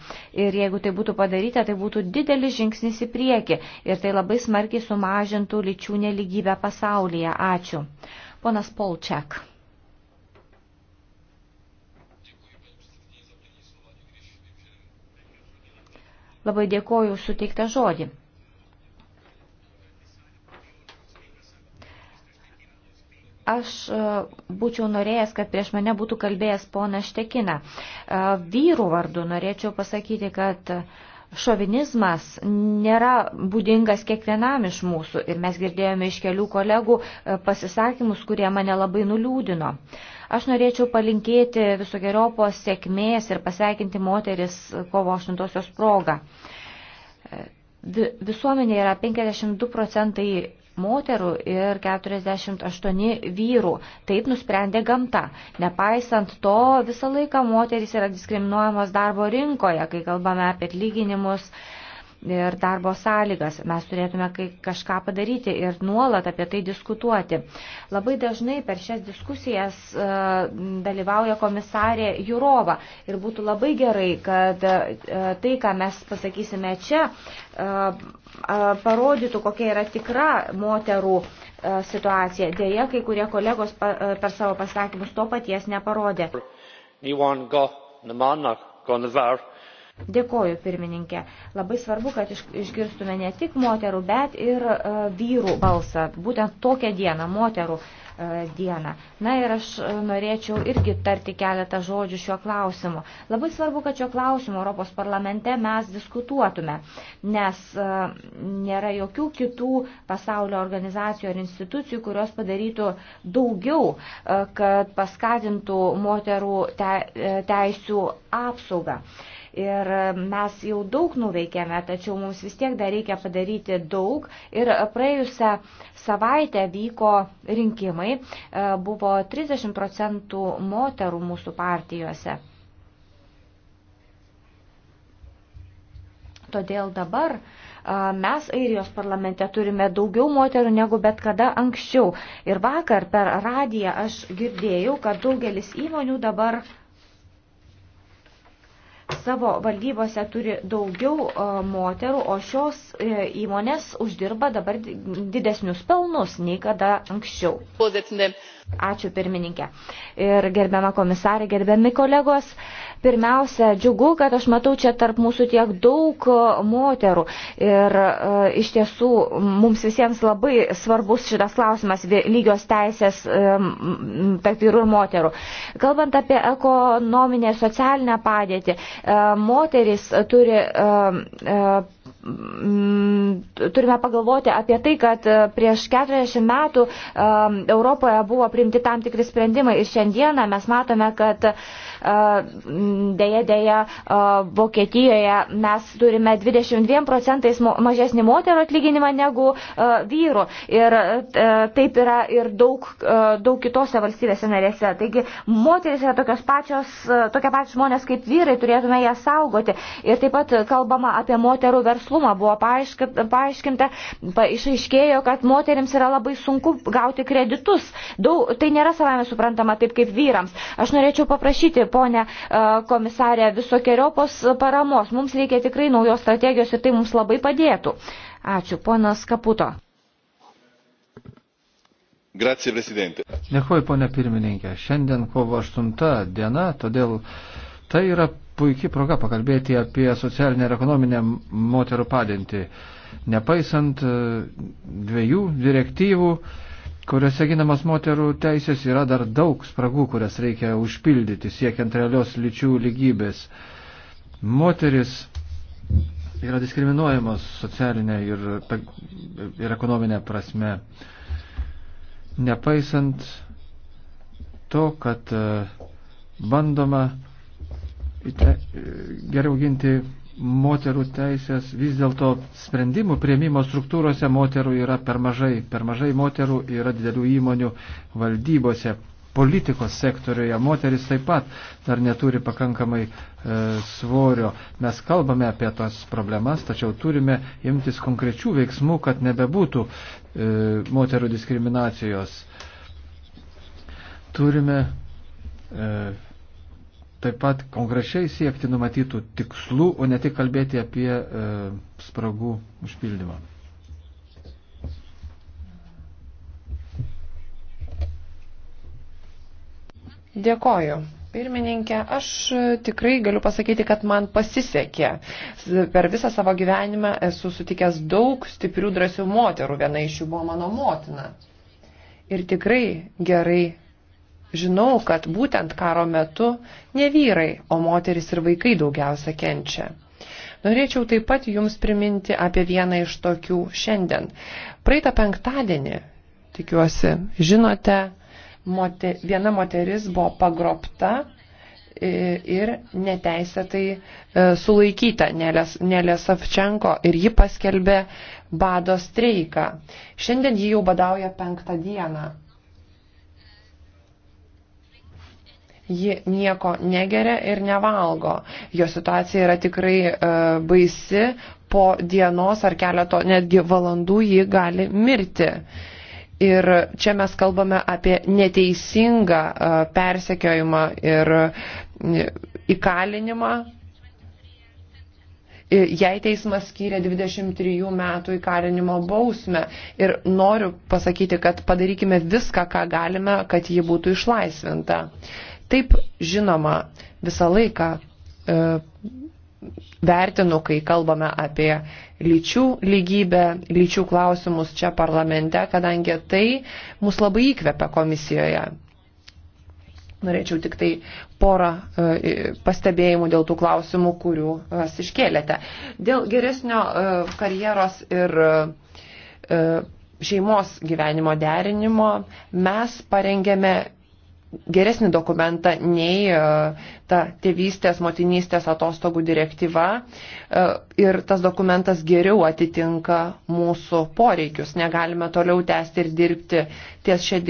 Ir jeigu tai būtų padaryta, tai būtų didelis žingsnis į priekį ir tai labai smarkiai sumažintų lyčių neligybę pasaulyje. Ačiū. Ponas Polčiak. Labai dėkoju suteiktą žodį. aš e, būčiau norėjęs, kad prieš mane būtų kalbėjęs ponas Štekina. E, vyrų vardu norėčiau pasakyti, kad šovinizmas nėra būdingas kiekvienam iš mūsų ir mes girdėjome iš kelių kolegų e, pasisakymus, kurie mane labai nuliūdino. Aš norėčiau palinkėti visokiojopos sėkmės ir pasveikinti moteris kovo 8-osios progą. E, Visuomenė yra 52 procentai moterų ir 48 vyrų. Taip nusprendė gamta. Nepaisant to, visą laiką moterys yra diskriminuojamos darbo rinkoje, kai kalbame apie atlyginimus ir darbo sąlygas. Mes turėtume kažką padaryti ir nuolat apie tai diskutuoti. Labai dažnai per šias diskusijas e, dalyvauja komisarė Jurova ir būtų labai gerai, kad e, tai, ką mes pasakysime čia, e, parodytų, kokia yra tikra moterų situacija. Deja, kai kurie kolegos per savo pasakymus to paties neparodė. Ní bháin go na manach go na bhar Dėkoju, pirmininkė. Labai svarbu, kad išgirstume ne tik moterų, bet ir e, vyrų balsą. Būtent tokią dieną, moterų e, dieną. Na ir aš e, norėčiau irgi tarti keletą žodžių šiuo klausimu. Labai svarbu, kad šiuo klausimu Europos parlamente mes diskutuotume, nes nėra jokių kitų pasaulio organizacijų ar institucijų, kurios padarytų daugiau, kad paskatintų moterų teisų apsaugą. Ir mes jau daug nuveikėme, tačiau mums vis tiek dar reikia padaryti daug. Ir praėjusią savaitę vyko rinkimai, e, buvo 30 procentų moterų mūsų partijose. Todėl dabar e, mes Airijos parlamente turime daugiau moterų negu bet kada anksčiau. Ir vakar per radiją aš girdėjau, kad daugelis įmonių dabar savo valdybose turi daugiau e, moterų, o šios e, įmonės uždirba dabar didesnius pelnus nei kada anksčiau. Ačiū pirmininkė. Ir gerbiama komisarė, gerbiami kolegos. Pirmiausia, džiugu, kad aš matau čia tarp mūsų tiek daug e, moterų ir e, iš tiesų mums visiems labai svarbus šitas klausimas lygios teisės e, tarp vyrų ir moterų. Kalbant apie ekonominę ir socialinę padėtį, moteris turi turime pagalvoti apie tai, kad prieš 40 metų Europoje buvo priimti tam tikri sprendimai ir šiandieną mes matome, kad dėja, dėja, Vokietijoje mes turime 22 procentais mažesnį moterų atlyginimą negu vyrų. Ir taip yra ir daug, daug kitose valstybėse narėse. Taigi moteris yra tokios pačios, tokia pačios žmonės kaip vyrai, turėtume ją saugoti. Ir taip pat kalbama apie moterų verslumą. Buvo paaiškinta, išaiškėjo, kad moteriams yra labai sunku gauti kreditus. Daug, tai nėra savame suprantama taip kaip vyrams. Aš norėčiau paprašyti ponė e, komisarė, visokiojopos paramos. Mums reikia tikrai naujos strategijos ir tai mums labai padėtų. Ačiū, ponas Kaputo. Grazie, prezidentė. Dėkuoju, ponė pirmininkė. Šiandien kovo 8 diena, todėl tai yra puikiai proga pakalbėti apie socialinę ir ekonominę moterų padėtį. Nepaisant e, dviejų direktyvų, kuriuose ginamos moterų teisės, yra dar daug spragų, kurias reikia užpildyti, siekiant realios lyčių lygybės. Moteris yra diskriminuojamos socialinė ir, ir ekonominė prasme, nepaisant to, kad e, bandoma e, geriau ginti moterų teisės vis dėlto sprendimų prieimimo struktūrose moterų yra per mažai. Per mažai moterų yra didelių įmonių valdybose. Politikos sektoriuje moteris taip pat dar neturi pakankamai e, svorio. Mes kalbame apie tos problemas, tačiau turime imtis konkrečių veiksmų, kad nebebūtų e, moterų diskriminacijos. Turime e, taip pat konkrečiai siekti numatytų tikslų, o ne tik kalbėti apie e, spragų užpildymą. Dėkoju. Pirmininkė, aš tikrai galiu pasakyti, kad man pasisekė. Per visą savo gyvenimą esu sutikęs daug stiprių drąsių moterų, viena iš jų buvo mano motina. Ir tikrai gerai Žinau, kad būtent karo metu ne vyrai, o moteris ir vaikai daugiausia kenčia. Norėčiau taip pat Jums priminti apie vieną iš tokių šiandien. Praeitą penktadienį, tikiuosi, žinote, mote, viena moteris buvo pagrobta e, ir neteisėtai e, sulaikyta Nelė Savčenko ir ji paskelbė bado streiką. Šiandien ji jau badauja penktą dieną. ji nieko negeria ir nevalgo. Jo situacija yra tikrai e, baisi, po dienos ar keleto netgi valandų ji gali mirti. Ir čia mes kalbame apie neteisingą e, persekiojimą ir e, įkalinimą. Jei teismas skyrė 23 metų įkalinimo bausmę ir noriu pasakyti, kad padarykime viską, ką galime, kad ji būtų išlaisvinta. E, Taip, žinoma, visą laiką e, vertinu, kai kalbame apie lyčių lygybę, lyčių klausimus čia parlamente, kadangi tai mus labai įkvepia komisijoje. Norėčiau tik tai porą e, pastebėjimų dėl tų klausimų, kuriuos e, iškėlėte. Dėl geresnio e, karjeros ir šeimos gyvenimo derinimo mes parengėme geresnį dokumentą nei e, ta tėvystės, motinystės atostogų direktyva e, ir tas dokumentas geriau atitinka mūsų poreikius. Negalime toliau tęsti ir dirbti ties šią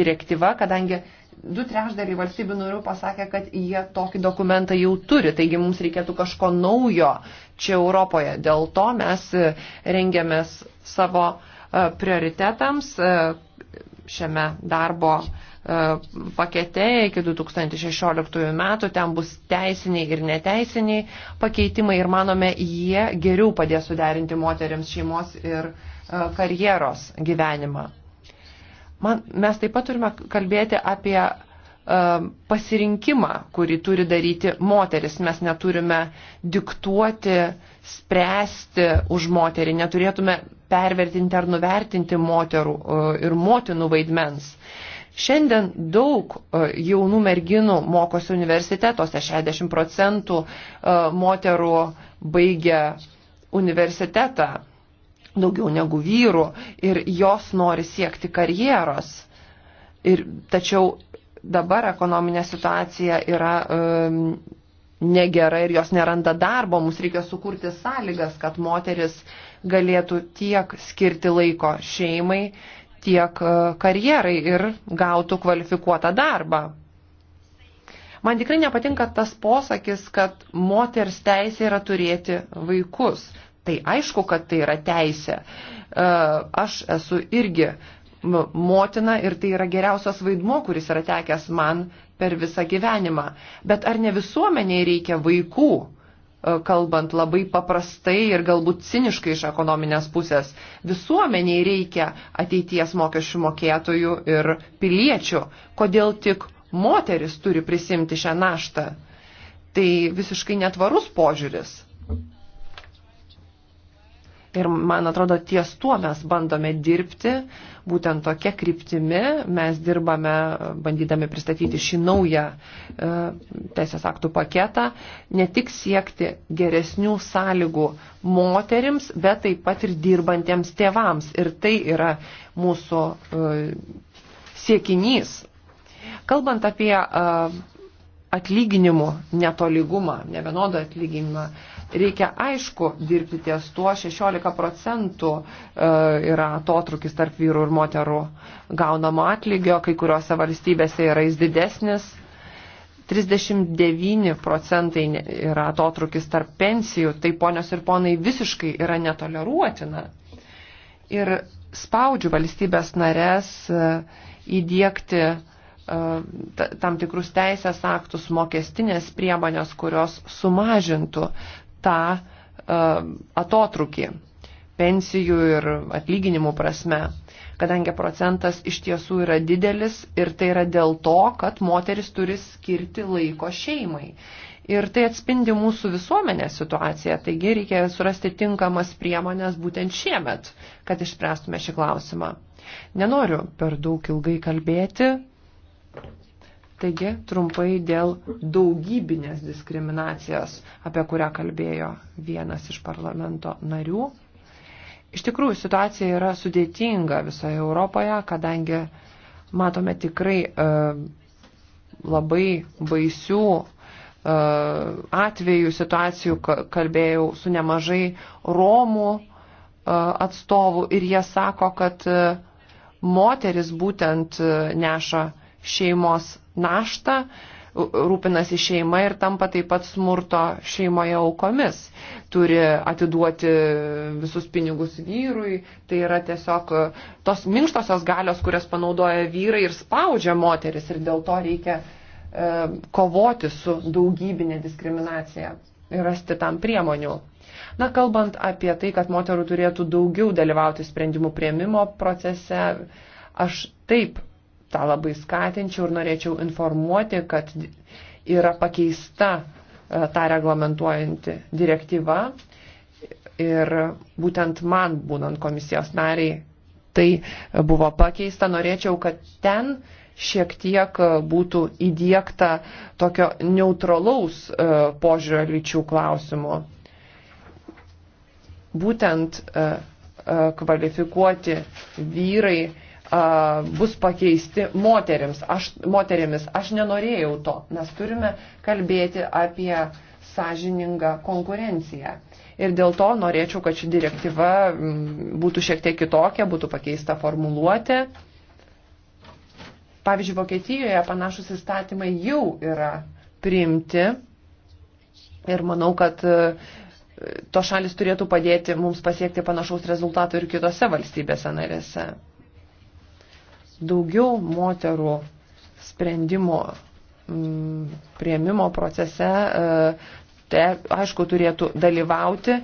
direktyvą, kadangi du trešdaliai valstybių narių pasakė, kad jie tokį dokumentą jau turi, taigi mums reikėtų kažko naujo čia Europoje. Dėl to mes e, rengiamės savo prioritetams šiame darbo uh, E, pakete iki 2016 metų, ten bus teisiniai ir neteisiniai pakeitimai ir manome, jie geriau padės suderinti moteriams šeimos ir e, karjeros gyvenimą. Man, mes taip pat turime kalbėti apie e, pasirinkimą, kurį turi daryti moteris. Mes neturime diktuoti, spręsti už moterį, neturėtume pervertinti ar nuvertinti moterų ir motinų vaidmens. Uh, Šiandien daug e, jaunų merginų mokosi universitetuose, 60 procentų e, moterų baigia universitetą, daugiau negu vyrų, ir jos nori siekti karjeros. Ir, tačiau dabar ekonominė situacija yra um, negera ir jos neranda darbo, mums reikia sukurti sąlygas, kad moteris galėtų tiek skirti laiko šeimai, uh, tiek e, karjerai ir gautų kvalifikuotą darbą. Man tikrai nepatinka tas posakis, kad moters teisė yra turėti vaikus. Tai aišku, kad tai yra teisė. E, aš esu irgi motina ir tai yra geriausias vaidmo, kuris yra tekęs man per visą gyvenimą. Bet ar ne visuomeniai reikia vaikų? E, kalbant labai paprastai ir galbūt ciniškai iš ekonominės pusės, visuomeniai reikia ateities mokesčių mokėtojų ir piliečių. Kodėl tik moteris turi prisimti šią naštą? Tai visiškai netvarus požiūris. Ir man atrodo, ties tuo mes bandome dirbti, būtent tokia kryptimi mes dirbame, bandydami pristatyti šį naują e, teisės aktų paketą, ne tik siekti geresnių sąlygų moterims, bet taip pat ir dirbantiems tėvams. Ir tai yra mūsų e, siekinys. Kalbant apie e, atlyginimų netoligumą, nevienodą atlyginimą, e, Reikia aišku dirbti ties tuo, 16 procentų e, yra atotrukis tarp vyrų ir moterų gaunamo atlygio, kai kuriuose valstybėse yra jis didesnis. 39 procentai yra atotrukis tarp pensijų, tai ponios ir ponai visiškai yra netoleruotina. Ir spaudžiu valstybės narės e, įdėkti e, tam tikrus teisės aktus, mokestinės priemonės, kurios sumažintų tą e, atotrukį pensijų ir atlyginimų prasme, kadangi procentas iš tiesų yra didelis ir tai yra dėl to, kad moteris turi skirti laiko šeimai. Ir tai atspindi mūsų visuomenės situaciją, taigi reikia surasti tinkamas priemonės būtent šiemet, kad išspręstume šį klausimą. Nenoriu per daug ilgai kalbėti, Taigi trumpai dėl daugybinės diskriminacijos, apie kurią kalbėjo vienas iš parlamento narių. Iš tikrųjų, situacija yra sudėtinga visoje Europoje, kadangi matome tikrai e, labai baisių e, atvejų situacijų, kalbėjau su nemažai Romų e, atstovų ir jie sako, kad e, moteris būtent e, neša šeimos naštą, rūpinasi šeima ir tampa taip pat smurto šeimoje aukomis. Turi atiduoti visus pinigus vyrui. Tai yra tiesiog tos minkštosios galios, kurias panaudoja vyrai ir spaudžia moteris ir dėl to reikia e, kovoti su daugybinė diskriminacija ir rasti tam priemonių. Na, kalbant apie tai, kad moterų turėtų daugiau dalyvauti sprendimų prieimimo procese, aš taip tą labai skatinčiau ir norėčiau informuoti, kad yra pakeista e, tą reglamentuojanti direktyva ir būtent man, būnant komisijos nariai, tai buvo pakeista. Norėčiau, kad ten šiek tiek būtų įdėkta tokio neutralaus e, požiūrio lyčių klausimų. Būtent e, kvalifikuoti vyrai a, bus pakeisti moterims. Aš, moterimis. Aš nenorėjau to. Mes turime kalbėti apie sąžiningą konkurenciją. Ir dėl to norėčiau, kad ši direktyva būtų šiek tiek kitokia, būtų pakeista formuluotė. Pavyzdžiui, Vokietijoje panašus įstatymai jau yra priimti ir manau, kad e, to šalis turėtų padėti mums pasiekti panašaus rezultato ir kitose valstybėse narėse daugiau moterų sprendimo mm, prieimimo procese, e, te, aišku, turėtų dalyvauti.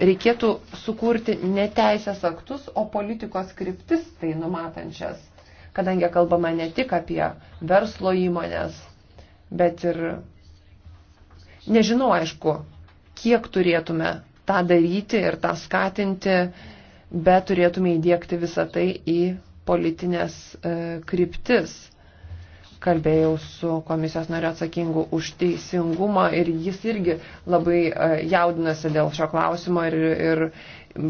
Reikėtų sukurti ne teisės aktus, o politikos kryptis tai numatančias, kadangi kalbama ne tik apie verslo įmonės, bet ir nežinau, aišku, kiek turėtume tą daryti ir tą skatinti, bet turėtume įdėkti visą tai į politinės e, kryptis. Kalbėjau su komisijos nariu atsakingu už teisingumą ir jis irgi labai e, jaudinasi dėl šio klausimo ir, ir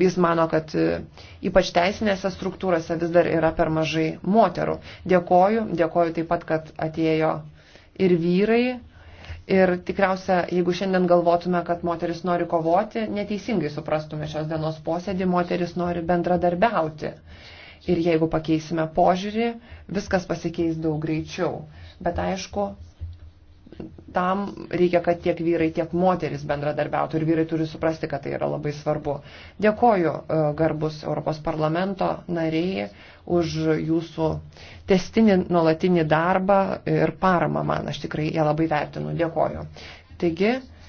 jis mano, kad e, ypač teisinėse struktūrose vis dar yra per mažai moterų. Dėkoju, dėkoju taip pat, kad atėjo ir vyrai. Ir tikriausia, jeigu šiandien galvotume, kad moteris nori kovoti, neteisingai suprastume šios dienos posėdį, moteris nori bendradarbiauti ir jeigu pakeisime požiūrį, viskas pasikeis daug greičiau. Bet aišku, tam reikia, kad tiek vyrai, tiek moteris bendradarbiautų ir vyrai turi suprasti, kad tai yra labai svarbu. Dėkoju e, garbus Europos parlamento nariai už jūsų testinį nuolatinį darbą ir paramą man. Aš tikrai ją labai vertinu. Dėkoju. Taigi,